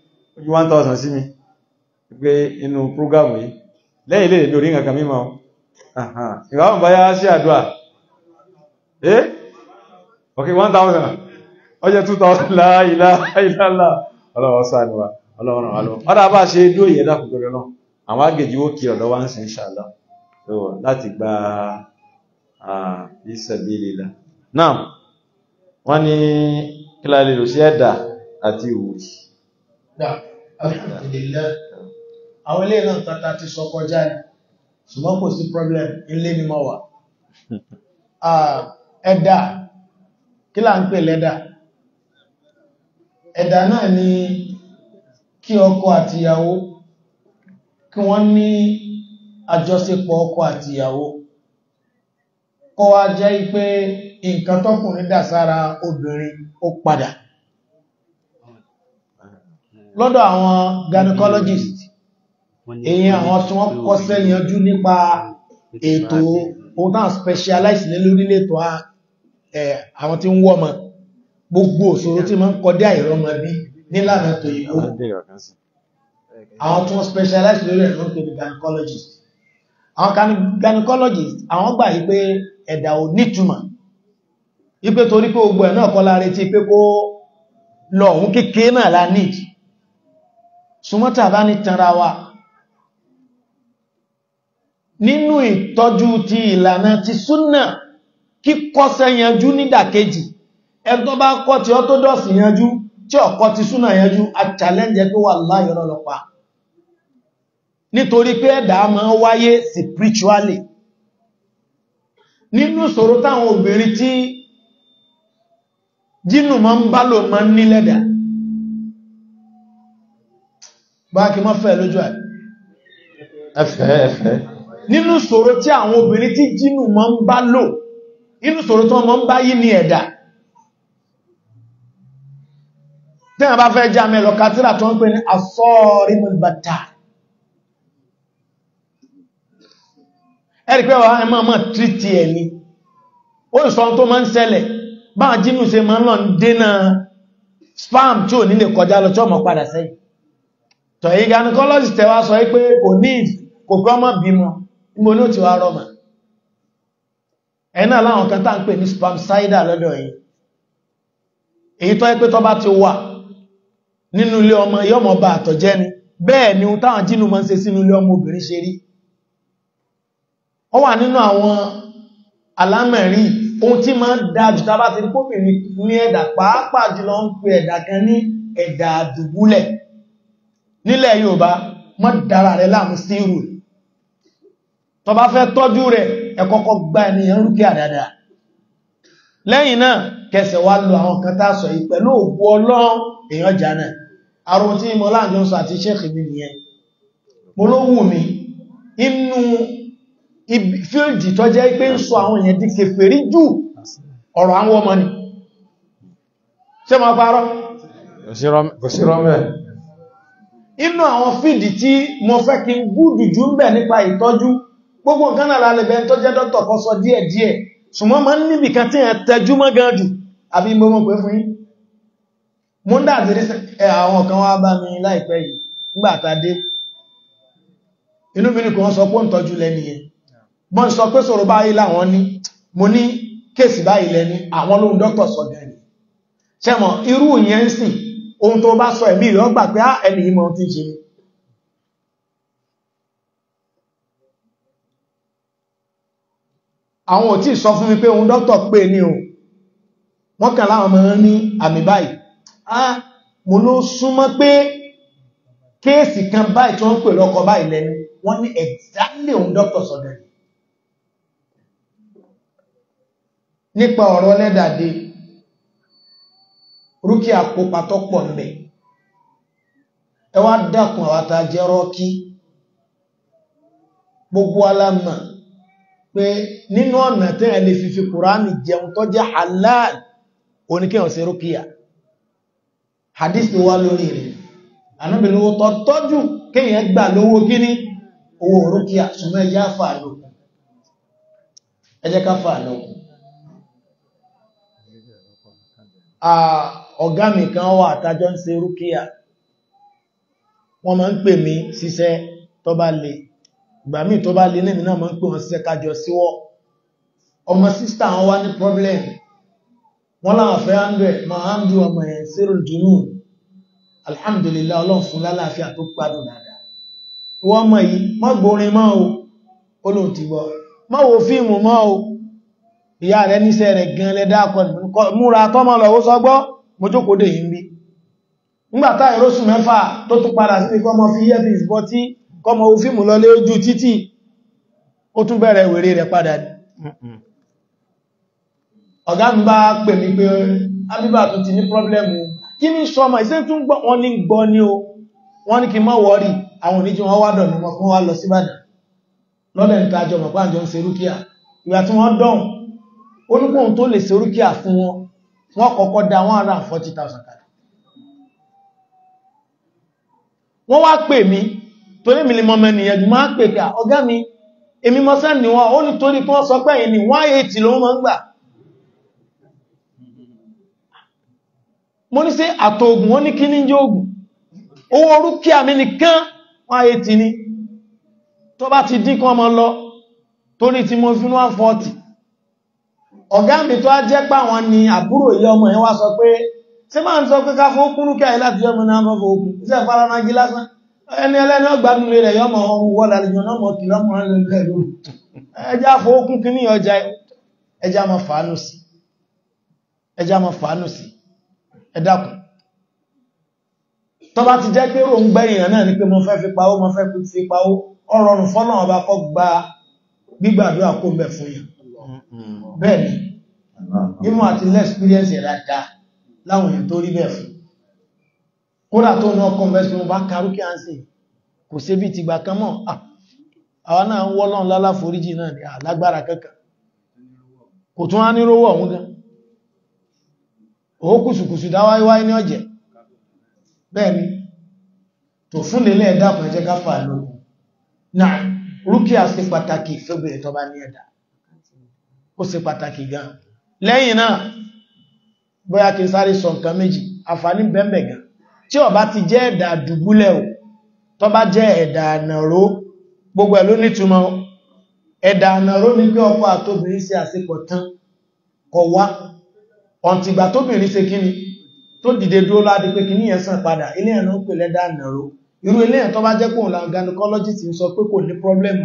[SPEAKER 1] ojú 1000 sí mi pé inú prógámù yìí lẹ́yìn ilé ìbí orí nǹkan mímọ̀ ìwàmù bá yá sí àdúà eh ok 1000 ọjẹ́ 2000 láìlá ìlàlá ọlọ́wọ́ sáàdùwà ọlọ́wọ́ ọlọ́wọ́ ọdá bá ṣe dúó ìyẹ́dá kòkòrò náà àwọn agèjì ó kí ọ̀dọ́ wá ń sin ṣàlá láti gba ìsẹ̀bílìlá náà wọ́n ní kílá lè lò sí ẹ̀dà àti òwúrì
[SPEAKER 2] alhamdulillah àwọn ilé náà tàtà ti sọ kọjá ní ṣùgbọ́n kò sí problem ilé ni mọ́ wà ẹ̀dà kí là ń pè lẹ́dà ẹ̀dà náà ni kí ọkọ àtìyàwó kí wọ́n ní àjọṣepọ̀ ọkọ àtìyàwó kọ́ wá jẹ́ pé nǹkan tọ́kùnrin dà sára obìnrin ó padà lọ́dọ̀ àwọn gynecologist èyí àwọn tí wọ́n kọ́ṣẹ́ yanjú nípa ètò ohun tán specialize ní lórílẹ̀ ètò àwọn tí ń wọ́ ọmọ gbogbo òṣòro tí ma ń kọdí àìrọ́mọ bí nílànà tó yíó àwọn tí wọ́n specialize lórí ẹ̀rọ tó ní gynecologist àwọn gynecologist àwọn gbà yí pé ẹ̀dà ò nítumọ̀ yí pé torí pé gbogbo ẹ̀ náà kọ́ la retí pé kó lọ òun kékeré náà la need súnmọ́tà bá ní tanra wa nínú ìtọ́jú ti ìlànà ti súnnà kíkọ́sẹ̀ yanjú nídàkejì ẹgbọ́ bá kọ́ ti ọ́tọ́dọ̀sì yanjú tí ti súnnà yanjú a challenge wà láyọ̀ nítorí pé ń wáyé spiritually nínú ìṣòro táwọn obìnrin tí jínù bá kí mọ́ fẹ́ lójú ẹ̀
[SPEAKER 1] ẹ̀fẹ́ ẹ̀fẹ́
[SPEAKER 2] nínú ṣòro tí àwọn obìnrin tí jínú mọ́ ń bá lò nínú ṣòro tí wọ́n mọ́ ń bá yí ní ẹ̀dà tẹ́yàn bá fẹ́ já mẹ́lọ kátírà tó ń pè ní asọ́ọ̀rí sọ spam tí ò nílé kọjá lọ tí ọmọ padà sẹ́yìn tọ̀ yí gynecologist tẹ́wà sọ pé kò ní kò kọ́mọ̀ bímọ níbo ní ó ti wá rọ́mà ẹ̀nà láwọn kan tá ń ní spamcida lọ́dọ̀ yìí èyí tọ́ pé tọ́ bá ti wà nínú ilé ọmọ yọ́mọ bá àtọ̀jẹ́ ni bẹ́ẹ̀ ni ohun táwọn jínú ń sínú ọmọ obìnrin ṣe rí wà nínú àwọn alámẹ̀rí ohun tí da jù bá ti ní ẹ̀dà pàápàá jùlọ ń kan ní ẹ̀dà àdùbúlẹ̀ nílẹ̀ Yorùbá mọ́ dára rẹ̀ láàmú sí irú tó bá fẹ́ tọ́jú rẹ̀ ẹ̀kọ́kọ́ gba ènìyàn rúkẹ́ àdáadáa lẹ́yìn náà kẹsẹ̀ wá lọ àwọn kan tá sọ yìí òkú ọlọ́run èèyàn jana àrùn tí mo láàjọ sọ àti ṣẹ́ẹ̀kì mi nìyẹn mo ló wù mí inú fíìlì tó jẹ́ pé ń sọ àwọn ọmọ ni inú àwọn fídì tí mo fẹ́ kí n gúdù jù ń bẹ̀ nípa ìtọ́jú gbogbo nǹkan náà lálẹ́bẹ̀ tó jẹ́ dọ́tọ̀ kọ́ sọ díẹ̀ díẹ̀ ṣùgbọ́n ma ń níbi kan tí ẹ̀ tẹjú mọ́ gan jù àbí mo mọ̀ pé fún yín mo ń dàbí rí àwọn kan wá bá mi láìpẹ́ yìí nígbà tá dé inú mi nìkan sọ pé ń tọ́jú lẹ́ni yẹn bọ́n sọ pé sọ̀rọ̀ báyìí láwọn ní mo ní kéèsì báyìí lẹ́ni àwọn lóhun dọ́tọ̀ sọ gan ni ṣẹ́mọ̀ irú ìyẹn ń ohun tó bá sọ ẹ̀mí rẹ̀ gbà pé ah, ẹni ìmọ̀ ti ṣe àwọn ò tí sọ fún mi pé ohun dọ́tọ̀ pé ní o wọ́n kàn láwọn mọ̀ ní àmì báyìí ah mo ló súnmọ́ pé kéèsì kan báyìí tí wọ́n pè lọ́kọ báyìí lẹ́nu wọ́n ní exactly ohun dọ́tọ̀ sọ̀dẹ̀ nípa ọ̀rọ̀ lẹ́dàdé rúkìá pupa tó pọ̀ ńbẹ̀ ẹ wá dákun àwọn àtàjẹrọ kí gbogbo alámà pé nínú ọ̀nà tí ẹ lè fífi kùránì jẹun tó jẹ́ halal oníkẹ́yàn sí rúkìá hadith wá lórí rẹ̀ anábìnrin owó tọ́jú kéèyàn gbà lówó kíní owó rúkìá ṣùgbọ́n ẹjá ẹjẹ́ ká lókun ah, ọ̀gá mi kan wà tàjọ ń ṣe rúkíà wọ́n máa ń pè mí síṣẹ́ tó bá le ìgbà míì tó bá le lẹ́mì náà máa ń pè wọ́n síṣẹ́ kájọ síwọ́ ọmọ sísta wọn wá ní problem wọ́n láwọn fẹ́ 100 ma ń ọmọ ẹ̀ zero dunu alhamdulillah ọlọ́run fún lálàáfíà tó gbádùn dáadáa wọ́n mọ̀ yìí mọ́ gbórin mọ́ o olóhùn ti gbọ́ mọ́ wo fíìmù mọ́ o ìyá rẹ̀ níṣẹ́ rẹ̀ gan lẹ́dá akọni múra tọ́mọ lọ́wọ́ sọgbọ́ mọ́jókòó dè yìí ń bí nígbàtá ìrósù mẹ́fà tó tún padà sí kọmọ fi yẹ́bí ìsbọ́ tí kọmọ o fíìmù lọ lé ojú títì ó tún bẹ̀rẹ̀ wèrè rẹ̀ padà ọ̀gá ń bá pè mí pé abíbà tó o wọ́n ní kí mọ́ wọ́rí àwọn oníjì wọ́n wá tajọ ń ìgbà tí wọ́n wọ́n kọ́kọ́ dá 140,000 kalẹ̀ wọ́n wá pè mí torí mi lè mọ́ mẹ́ni ẹ̀dù máa pè pé ọ̀gá mi èmi mọ́ sẹ́ni wọn ó ní torí tó sọ pé ìní 180 ló mọ́ ń gbà mo ní sí àtò ogun ó ní kí jẹ́ ogun owó orúkíà mi nìkan 180 ni tó bá ti dín kan mọ́ lọ torí tí mo fi 140 ọ̀gá mi tó á jẹ́ pà wọn ni àbúrò ilé ọmọ yẹn wá sọ pé tí máa ń sọ pé ká fún kúrú kí àìlá fi ọmọ náà fọ́fọ́ ogun iṣẹ́ faramagi lásán ẹni ẹlẹ́ni ọgbà nílé rẹ̀ yọmọ ọrùn wọ́lá lèyàn náà mọ̀ kí lọ́mọ rẹ̀ lórí ẹjá fọ́ọ̀kún kí ní ọjà ẹjá mọ̀ fàánù sí ẹjá mọ̀ fàánù Mm-hmm. bẹ́ẹ̀ ni ati àti lẹ́spíríẹ̀nsì ẹ̀dàdà láwọn èèyàn tó rí bẹ́ẹ̀ fún kódà tó náà kọ́nvẹ́sì mú bá karúkẹ́ kò bí ti gbà kan mọ́ àwọn náà ń lálá foríjì náà ni àlágbára kankan kò tún anirowo ọ̀hún kùsùkùsù ọ̀jẹ̀ pàtàkì fẹ́bẹ̀ẹ́ ní ó ṣe pàtàkì gan lẹ́yìn náà bóyá kí n sáré sọ nǹkan méjì àǹfààní bẹ́ẹ̀bẹ̀ gan tí bá ti jẹ́ ẹ̀dà dùbúlẹ̀ o tó bá jẹ́ ẹ̀dà ànàró gbogbo ẹ̀ ló nítumọ̀ ẹ̀dà ànàró ni pé ọkọ àtobìnrin ṣe àṣepọ̀ tán kọ wá ọ̀ntìgbà tóbìnrin ṣe kíni tó dìde dúró láti pé sàn padà ilé ẹ̀nà ń pè lẹ́dà ànàró irú ilé ẹ̀ bá jẹ́ la gynecologist ń sọ pé kò ní problem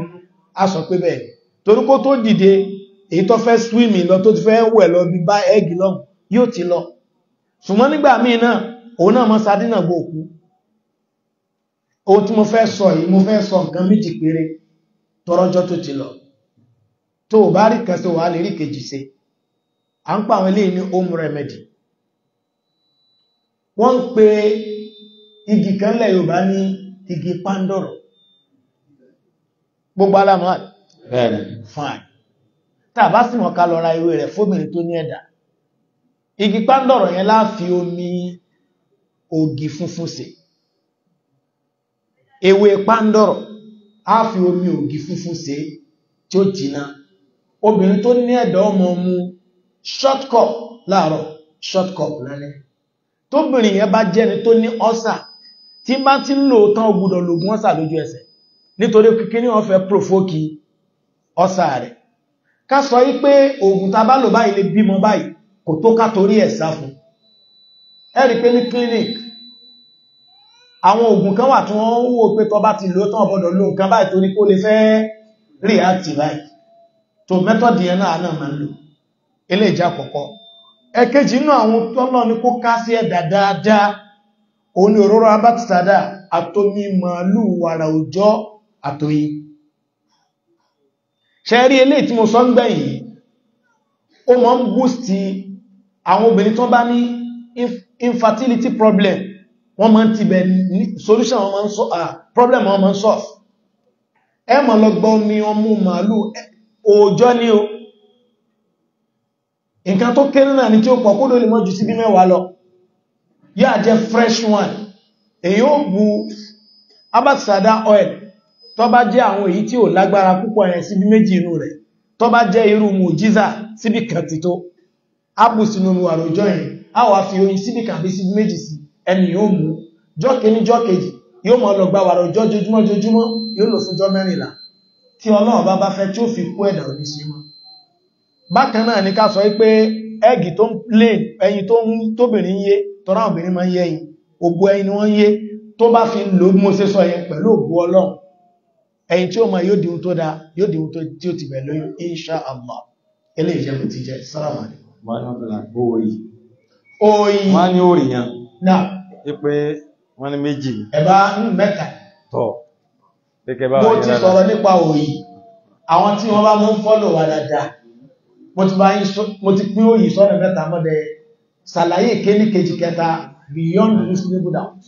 [SPEAKER 2] a sọ pé bẹ́ẹ̀ torí èyí tó fẹ́ swimi lọ tó ti fẹ́ wẹ̀ lọ bí bá ẹ́gì lọ yóò ti lọ ṣùgbọ́n nígbà míì náà òun náà mọ́ sadínà gbò òkú ohun tí mo fẹ́ sọ yìí mo fẹ́ sọ nǹkan méjì péré tọrọjọ́ tó ti lọ tó bá rí kan sí wà lè rí kejì ṣe à ń pàwọn àwọn eléyìí ní home remedy wọ́n ń pe igi kan lẹ̀ Yorùbá ní igi pandoro gbogbo alamọ́ fine tàbá sì mọ̀ ká lọ ra ewé rẹ̀ fóbìnrin tó ní ẹ̀dà igi pándọ̀rọ̀ yẹn la fi omi ògì funfun sè ewé pándọ̀rọ̀ á omi ògì funfun sè tí ó jìnà obìnrin tó ní ẹ̀dà ọmọ mu short cup láàárọ̀ short cup lálẹ́ tóbìnrin yẹn bá jẹ́ni tó ní ọ́sà tí bá ti ń lò tán ó gbọ́dọ̀ lògùn ọ́sà lójú ẹsẹ̀ nítorí kíkí ní wọ́n fẹ́ profoki ọ́sà rẹ̀ ká sọ yí pé oògùn tá bá lò báyìí lè bímọ báyìí kò tó ká torí ẹ̀ fún ẹ pé ní clinic àwọn oògùn kan wà tí wọ́n ń wò pé tó bá ti lò tán ọ̀bọ̀dọ̀ lò nǹkan báyìí torí kó lè fẹ́ react báyìí tó mẹ́tọ̀dì ẹ̀ náà náà máa ń lò eléyìí jẹ́ àkọ́kọ́ ẹ̀kejì inú àwọn tọ́lọ́ ní kó ká sí ẹ̀dà dáadáa òun ni òróró abátìsádà àtomi màálù ṣẹ́rí elé tí mo sọ ń gbẹ̀yìn ó mọ́ ń bústì àwọn obìnrin tó bá ní infertility problem wọ́n mọ́ ti bẹ̀ solution wọ́n mọ́ ń sọ problem wọ́n mọ́ ń solve ẹ mọ̀ lọ gbọ́ omi ọmú màálù òòjọ́ ní o nǹkan tó kéré náà ni tí ó pọ̀ kó ló lè mọ́ ju síbí mẹ́wàá lọ yóò jẹ́ fresh one èyí ó bu abasada oil tó bá jẹ́ àwọn èyí tí ò lágbára púpọ̀ yẹn síbi méjì inú rẹ̀ tó bá jẹ́ irú mùjíza síbi kan ti tó ápù sínú omi àròjọ yẹn a wà fi oyin síbi kan bí síbi méjì sí ẹni yóò mú jọ́ kìíní jọ́ kejì yóò mọ̀ lọ gba wàrọ̀jọ́ jojúmọ́ jojúmọ́ yóò lò fúnjọ́ mẹ́rìnlá tí ọlọ́run bá bá fẹ́ tí ó fi kú ẹ̀dà òní sí mọ́ bákan náà ẹ̀yìn tí ó mọ̀ yóò di ohun tó yóò di ohun tí o ti bẹ̀ lóyún insha Allah ilé ìjẹ́bù ti jẹ́ sálámà ní wọ́n ní
[SPEAKER 1] orí yàn náà ipé wọ́n ní méjì ẹ̀bá mẹ́ta tọ́ ti sọ̀rọ̀ nípa
[SPEAKER 2] òyì àwọn tí wọ́n bá mú fọ́lọ̀ wà mo ti pín mẹ́ta sàlàyé kẹta beyond reasonable doubt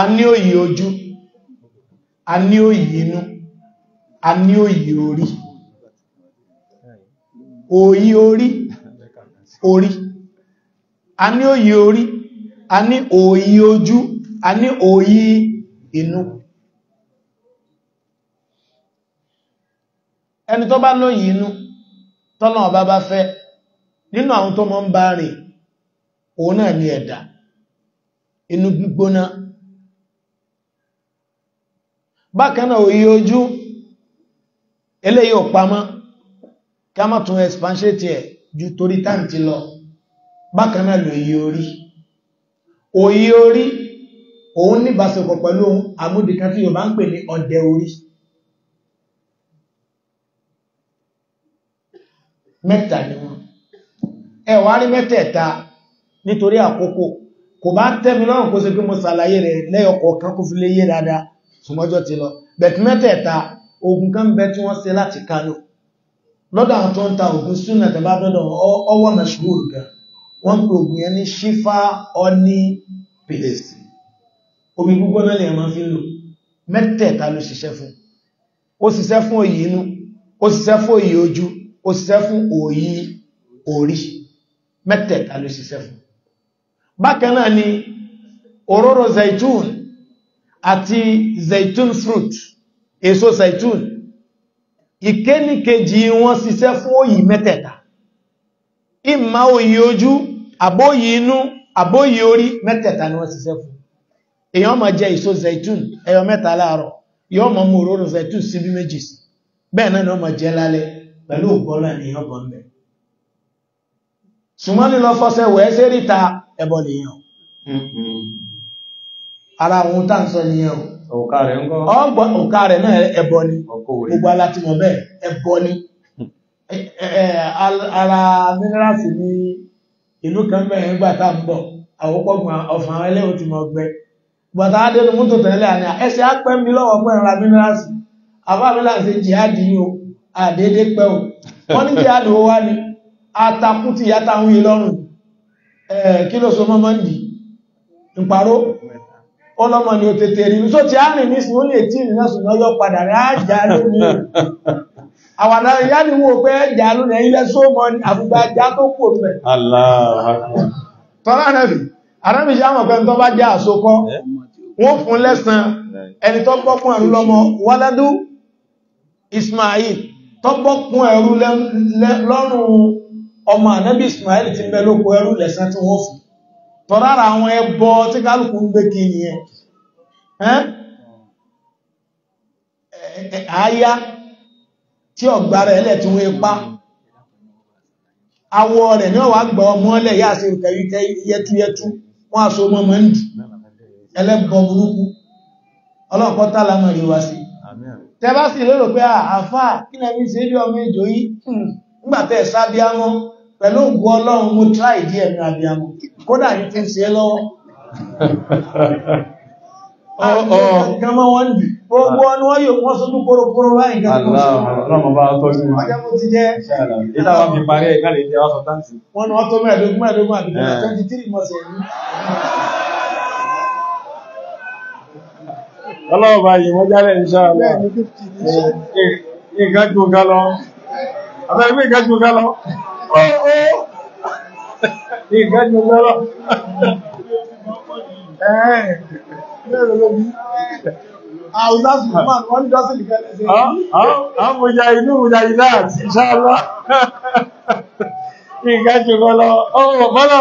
[SPEAKER 2] a ní òyì ojú a ní òyì inú a ní òyì orí oyi orí orí a ní òyì orí a ní òyì ojú a ní òyì inú ẹni tó bá lóyì inú tọ́nà ọba bá fẹ́ nínú àwọn tó mọ́ ń bá rìn òun náà ni ẹ̀dà inú gbígbóná bákanáà òye ojú eléyìí òpamọ́ ká má tún ẹ̀spanṣẹ́tì ẹ̀ ju torí táǹtì lọ bákanáà lòye orí òye orí òun níbàṣepọ̀ pẹ̀lú àmúdìkan tí Yorùbá ń pè ní ọdẹ orí mẹ́ta ni wọn ẹwà rí mẹ́tẹ̀ẹ̀ta nítorí àkókò kò bá tẹ́mi lọ́rùn kó ṣe pé mo ṣàlàyé rẹ̀ lẹ́yọ̀kọ̀ọ̀kan kó fi lè yé dáadáa súnmọ́jọ́ ti lọ bẹ̀t mẹ́tẹ̀ẹ̀ta ogun kan bẹ tí wọ́n ṣe láti Kánò lọ́dọ̀ àwọn tó ń ta ogun súnà tẹ́bá dọ́dọ̀ ọwọ́ mẹ́ṣúrù gan wọ́n pè ogun yẹn ní ṣífà ọ́ní pèsè omi gbígbóná lè máa fi lò mẹ́tẹ̀ẹ̀ta ló ṣiṣẹ́ fún ó ṣiṣẹ́ fún òyì inú ó ṣiṣẹ́ fún òyì ojú ni òróró zaitun àti zaitun fruit èso zaitun ìkéníkejì wọn ṣiṣẹ́ fún òyì mẹ́tẹ̀ẹ̀ta ìmá òyì ojú àbóyì inú àbóyì orí mẹ́tẹ̀ẹ̀ta ni wọ́n ṣiṣẹ́ fún èyàn máa jẹ èso zaitun ẹyọ mẹ́ta láàárọ̀ yọ́ máa mú òróró zaitun sí bí méjì sí bẹ́ẹ̀ náà ni wọ́n máa jẹ lálẹ́ pẹ̀lú ògbọ́lá èyàn bọ̀ ń bẹ̀ ṣùgbọ́n lílọ fọ́sẹ̀ wẹ̀ẹ́ ríta ẹbọ nìyàn ara ohun tá ń sọ nìyẹn o òkà rẹ̀ ń gọ́ òkà rẹ̀ náà ẹbọ ni gbogbo aláti mọ̀ bẹ́ẹ̀ ẹbọ ni ara mínírààsì ní ìlú kan bẹ́ẹ̀ ń gbà tá ń bọ̀ àwòpọ̀gbọ̀n ọ̀fàn ẹlẹ́wọ̀n ti mọ̀ gbẹ gbàtà adénu mútò tẹ̀lé àní ẹsẹ̀ apẹ́ mi lọ́wọ́ pẹ́ ra mínírààsì àbábílà ṣe jihadi yìí o àdédé pẹ́ o wọ́n ní jihadi ó wá ní atakú ti yàtà ń yí lọ́rùn kí ló so mọ́mọ́ ń dì ọlọ́mọ ni ó tètè rí tó ti àárín ní sinú lè tí ìrìnà sùn náà yọ padà rẹ̀ ájá lónìí àwàdà ìyá ni wọ́n pẹ́ jà lónìí ilẹ̀ sóòmọ àfúgbà já tó kò mẹ́ tọ́lá nẹ́bì arábìsí àwọn ọ̀pẹ́ tó bá já àsokọ́ wọ́n fún lẹ́sàn ẹni tó gbọ́kún ẹ̀rú tọ́rára àwọn ẹbọ tí kálùkù ń gbé kí ní ẹ àáyá tí ọ̀gbà rẹ̀ ẹlẹ̀ tí wọ́n ipá awọ rẹ̀ ní ọwà gbà ọmọ ọlẹ̀ yà sí ìkẹ̀ríkẹ́ yẹtúyẹtú a mọ́ ń dù burúkú pẹ̀lú ògbó ọlọ́run mo try díẹ̀ ní àbíyàmọ̀ kódà ní tí ń ṣe lọ́wọ́ Gama oh, oh. wọ́n dì, gbogbo ọnú ọyọ̀ wọ́n sún kórókóró láì gẹ́gẹ́ Wọ́n ni wọ́n tó mẹ́ẹ̀dógún mẹ́ẹ̀dógún àti 23 eh. mọ́sẹ̀ yìí. Ọlọ́ọ̀bá yìí
[SPEAKER 1] wọ́n jálẹ̀ ìṣàlọ́.
[SPEAKER 2] Ìgbẹ́gbẹ́ Oh oh! Oh, He got got your your Hey, the I I was asking man, you madam. ìgbẹ́jọ lọ́rọ̀ Ìgbẹ́jọ lọ́rọ̀ ọ̀rọ̀ know?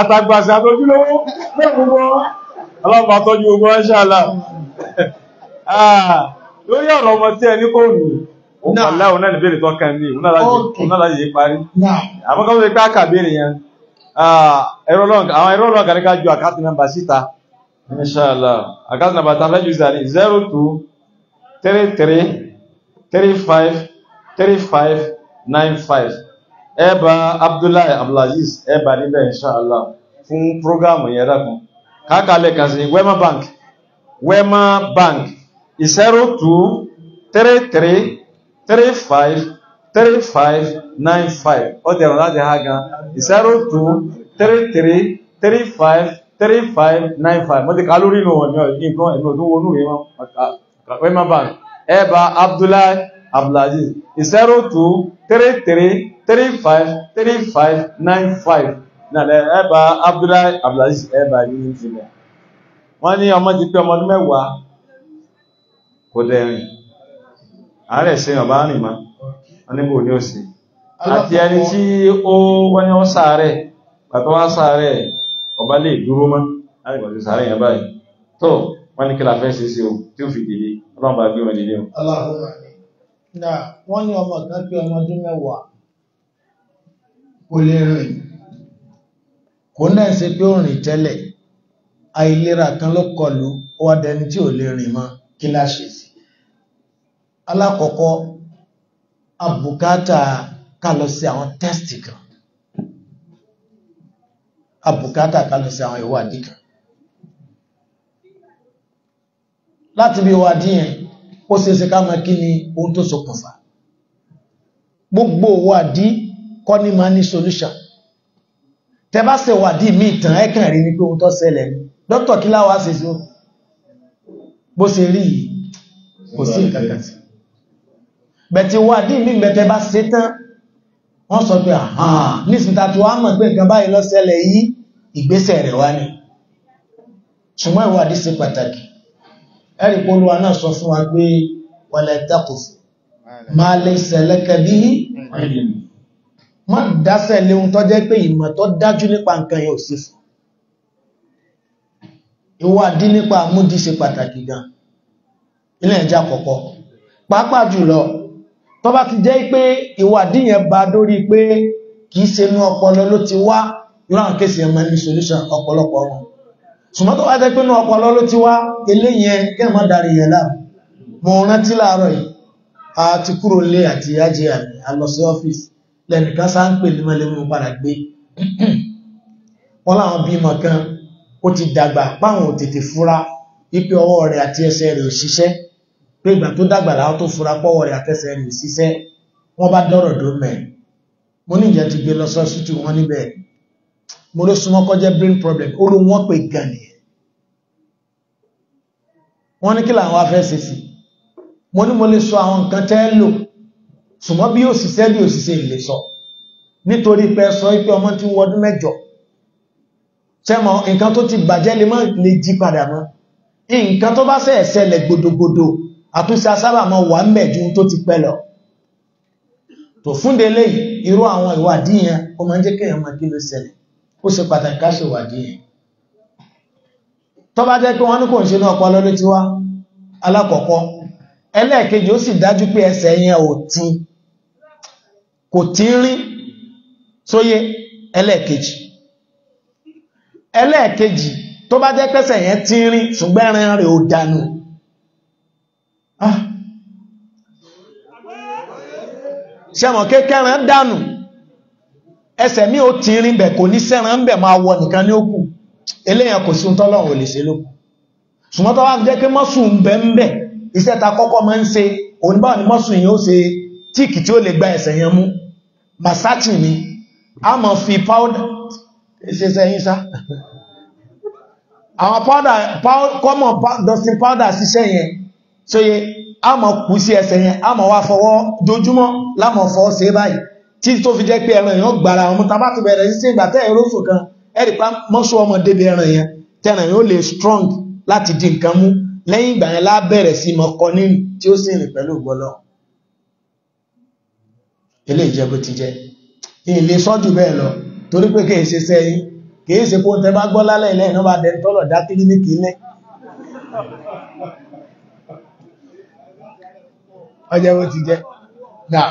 [SPEAKER 2] àtàgbàṣà àtọ́júlówó lẹ́gbùgbọ́ ọlọ́pàá àtọ́jú you ẹ́ṣàlá
[SPEAKER 1] lórí Ah, ọmọ tí ẹni kò rùn wàlá òun náà níbèrè tó kàn ní òun náà láyé parí àmọ́ kọ́ wípé àkàbèrè yẹn àwọn ẹ̀rọ lọ́nkà ní ká ju àkáàtì nàmbà síta inṣàlá àkáàtì nàmbà tá a fẹ́ jù sí zero two three three three five three five nine five ẹ Abdullahi Abdulaziz ẹ níbẹ̀ inṣàlá fún prógámù yẹn dákun kákàlẹ̀ kan sí Wema Bank Wema Bank zero two three three. 353595 ọ dịara na dị ha ga 0233353595 mo ti ka lórí inú wọn ní nǹkan ẹ̀mí ọdún wọnú rẹ̀ wema bank ẹba Abdullahi Abdulaziz 0233353595 nàlẹ́ ẹba Abdullahi Abdulaziz ẹba yìí ń tilẹ̀ wọ́n ní ọmọ ti pé ọmọ ọdún mẹ́wàá kò dẹ̀rìn ààrẹ ṣe yàn bá rìn má aníbò ní òsì àti ẹni tí ó wọ́n ní wọ́n sàárẹ̀ pàtó wá sàárẹ̀ ọba lè dúró mọ́ àrígbà tí sàárẹ̀ yẹn báyìí tó wọ́n ní kí la fẹ́ ṣe o tí ó fi dìde ọlọ́run bá gbé
[SPEAKER 2] wọn dìde o. wọ́n ní ọmọ kan pé ọmọ ọdún mẹ́wàá kò lè rìn kò náà ṣe pé ó rìn tẹ́lẹ̀ àìlera kan ló kọlu ó wá dẹni tí ò lè rìn mọ́ kí sí. alákọ̀ọ́kọ́ abùkátà ká lọ sí àwọn tẹ́stì kan abùkátà ká lọ sí àwọn ìwádìí kan láti bí ìwádìí yẹn ó sì ṣe ká máa kí ni ohun tó ṣokùnfà gbogbo ìwádìí kọ́ ní máa ní solution tẹ bá ṣe ìwádìí míì tàn ẹ́kàn rí ní pé ohun tó ṣẹlẹ̀ ni dókítà kí bẹ̀tí wà dí ìmí bẹ̀tẹ̀ bá ṣe tán wọ́n sọ pé àhàn nísìntà tó wá mọ̀ pé nǹkan báyìí ló ṣẹlẹ̀ yìí ìgbésẹ̀ rẹ̀ wá ní ṣùgbọ́n ìwádìí ṣe pàtàkì ẹ̀rì polúwa náà sọ fún wa pé wala taqfu ma laysa laka bihi má dásẹ̀ léhun tó pé ìmọ̀ tó dájú nípa nǹkan yẹn ò sí fún ìwádìí nípa àmúdi ṣe pàtàkì gan ilé ẹ̀já kọ̀kọ́ pàápàá jùlọ tó bá ti jẹ́ pé ìwádìí yẹn bá dórí pé kìí ṣe inú ọpọlọ ló ti wá ìran kéèsì ẹ̀mọ́ ní solution ọ̀pọ̀lọpọ̀ wọn ṣùgbọ́n tó bá jẹ́ pé inú ọpọlọ ló ti wá eléyẹn kẹ́ẹ̀mọ́ darí yẹn láàmú mo rántí láàárọ̀ yìí a ti kúrò lé àti ajé àmì a lọ sí ọ́fíìsì lẹ́nìkan sá ń pè ní mọ́lẹ́mú padà gbé wọn láwọn bímọ kan ó ti dàgbà páwọn ò tètè fura ipe ọwọ́ rẹ̀ àti ẹsẹ̀ rẹ̀ ò ṣiṣẹ́ pé ìgbà tó dàgbà láwọn tó fura pọ́wọ́ rẹ̀ àtẹ́sẹ̀ rìn síṣẹ́ wọ́n bá dọ́rọ̀ dó mẹ́ mo ní ìjẹ́ ti gbé lọ sọ́sítù wọn níbẹ̀ mo ló súnmọ́ kọ́ jẹ́ brain problem ó ló wọ́n pè gan ni wọ́n ní kí làwọn afẹ́ ṣe sí mo ní mo lè sọ àwọn nǹkan tẹ́ lò ṣùgbọ́n bí òṣìṣẹ́ bí òṣìṣẹ́ ìlè sọ nítorí pé sọ pé ọmọ ti wọ ọdún mẹ́jọ tẹ́mọ̀ nǹkan tó ti bàjẹ́ lè má lè jí padà mọ́ nǹkan tó bá ṣe ẹ̀ṣẹ̀lẹ̀ gbòdògbòdò àtúnṣe asábà mọ́ wà ń bẹ̀ ju tó ti pẹ́ lọ tó fúnde léyìí irú àwọn ìwádìí yẹn ó máa ń jẹ́ kéèyàn máa kí ló ṣẹlẹ̀ ó ṣe pàtàkì ká ṣe ìwádìí yẹn tó bá jẹ́ pé wọ́n ní kò ń ṣe ní ọpọlọ ló ti wá alákọ̀ọ́kọ́ ẹlẹ́ẹ̀kejì ó sì dájú pé ẹsẹ̀ yẹn ò ti kò tí rí sóyé ẹlẹ́ẹ̀kejì ẹlẹ́ẹ̀kejì tó bá jẹ́ pẹ́sẹ̀ yẹn tí rí ṣùgbẹ́rin rẹ̀ ò dànù ṣẹ́mọ̀ kekere dànù ẹsẹ̀ mí ó ti rin bẹ̀ kò ní ma ń bẹ̀ máa wọ nìkan ní òkú eléyàn kò sún tọ́lọ́run ò lè ṣe lókù ṣùgbọ́n jẹ́ ń bẹ̀ ń bẹ̀ iṣẹ́ ta kọ́kọ́ máa ń se oníbà ní mọ́sùn yìí ó ṣe tíìkì tí ó lè gba ẹsẹ̀ yẹn mú masachi mi a mọ̀ fi powder yín sá àwọn powder powder ṣiṣẹ́ yẹn so yẹ a mọ̀ kú sí ẹsẹ̀ yẹn a mọ̀ wá fọwọ́ dojúmọ́ lámọ̀ fọwọ́ sí báyìí tí tó fi jẹ́ pé ẹran èèyàn gbára ọmọ tá bá ti bẹ̀rẹ̀ sí sí ìgbà tẹ́ ẹ̀rọ fò kan ẹ̀rì pa mọ́ṣú ọmọ débi ẹran yẹn tẹ́ran yóò lè strong láti di nǹkan mú lẹ́yìn ìgbà yẹn lábẹ̀rẹ̀ sí mọ́ kọ nínú tí ó sì rìn pẹ̀lú gbọ́lọ́ ilé ìjẹ́ bó ti jẹ́ ilé sọ́jú bẹ́ẹ̀ lọ torí pé kìí ṣe sẹ́yìn kìí ṣe kó tẹ bá gbọ́ lálẹ́ ilẹ̀ ìnáwó adẹ́ntọ́lọ̀ dá kílíníkì ilẹ̀ ọjọ́ bó ti jẹ́ náà.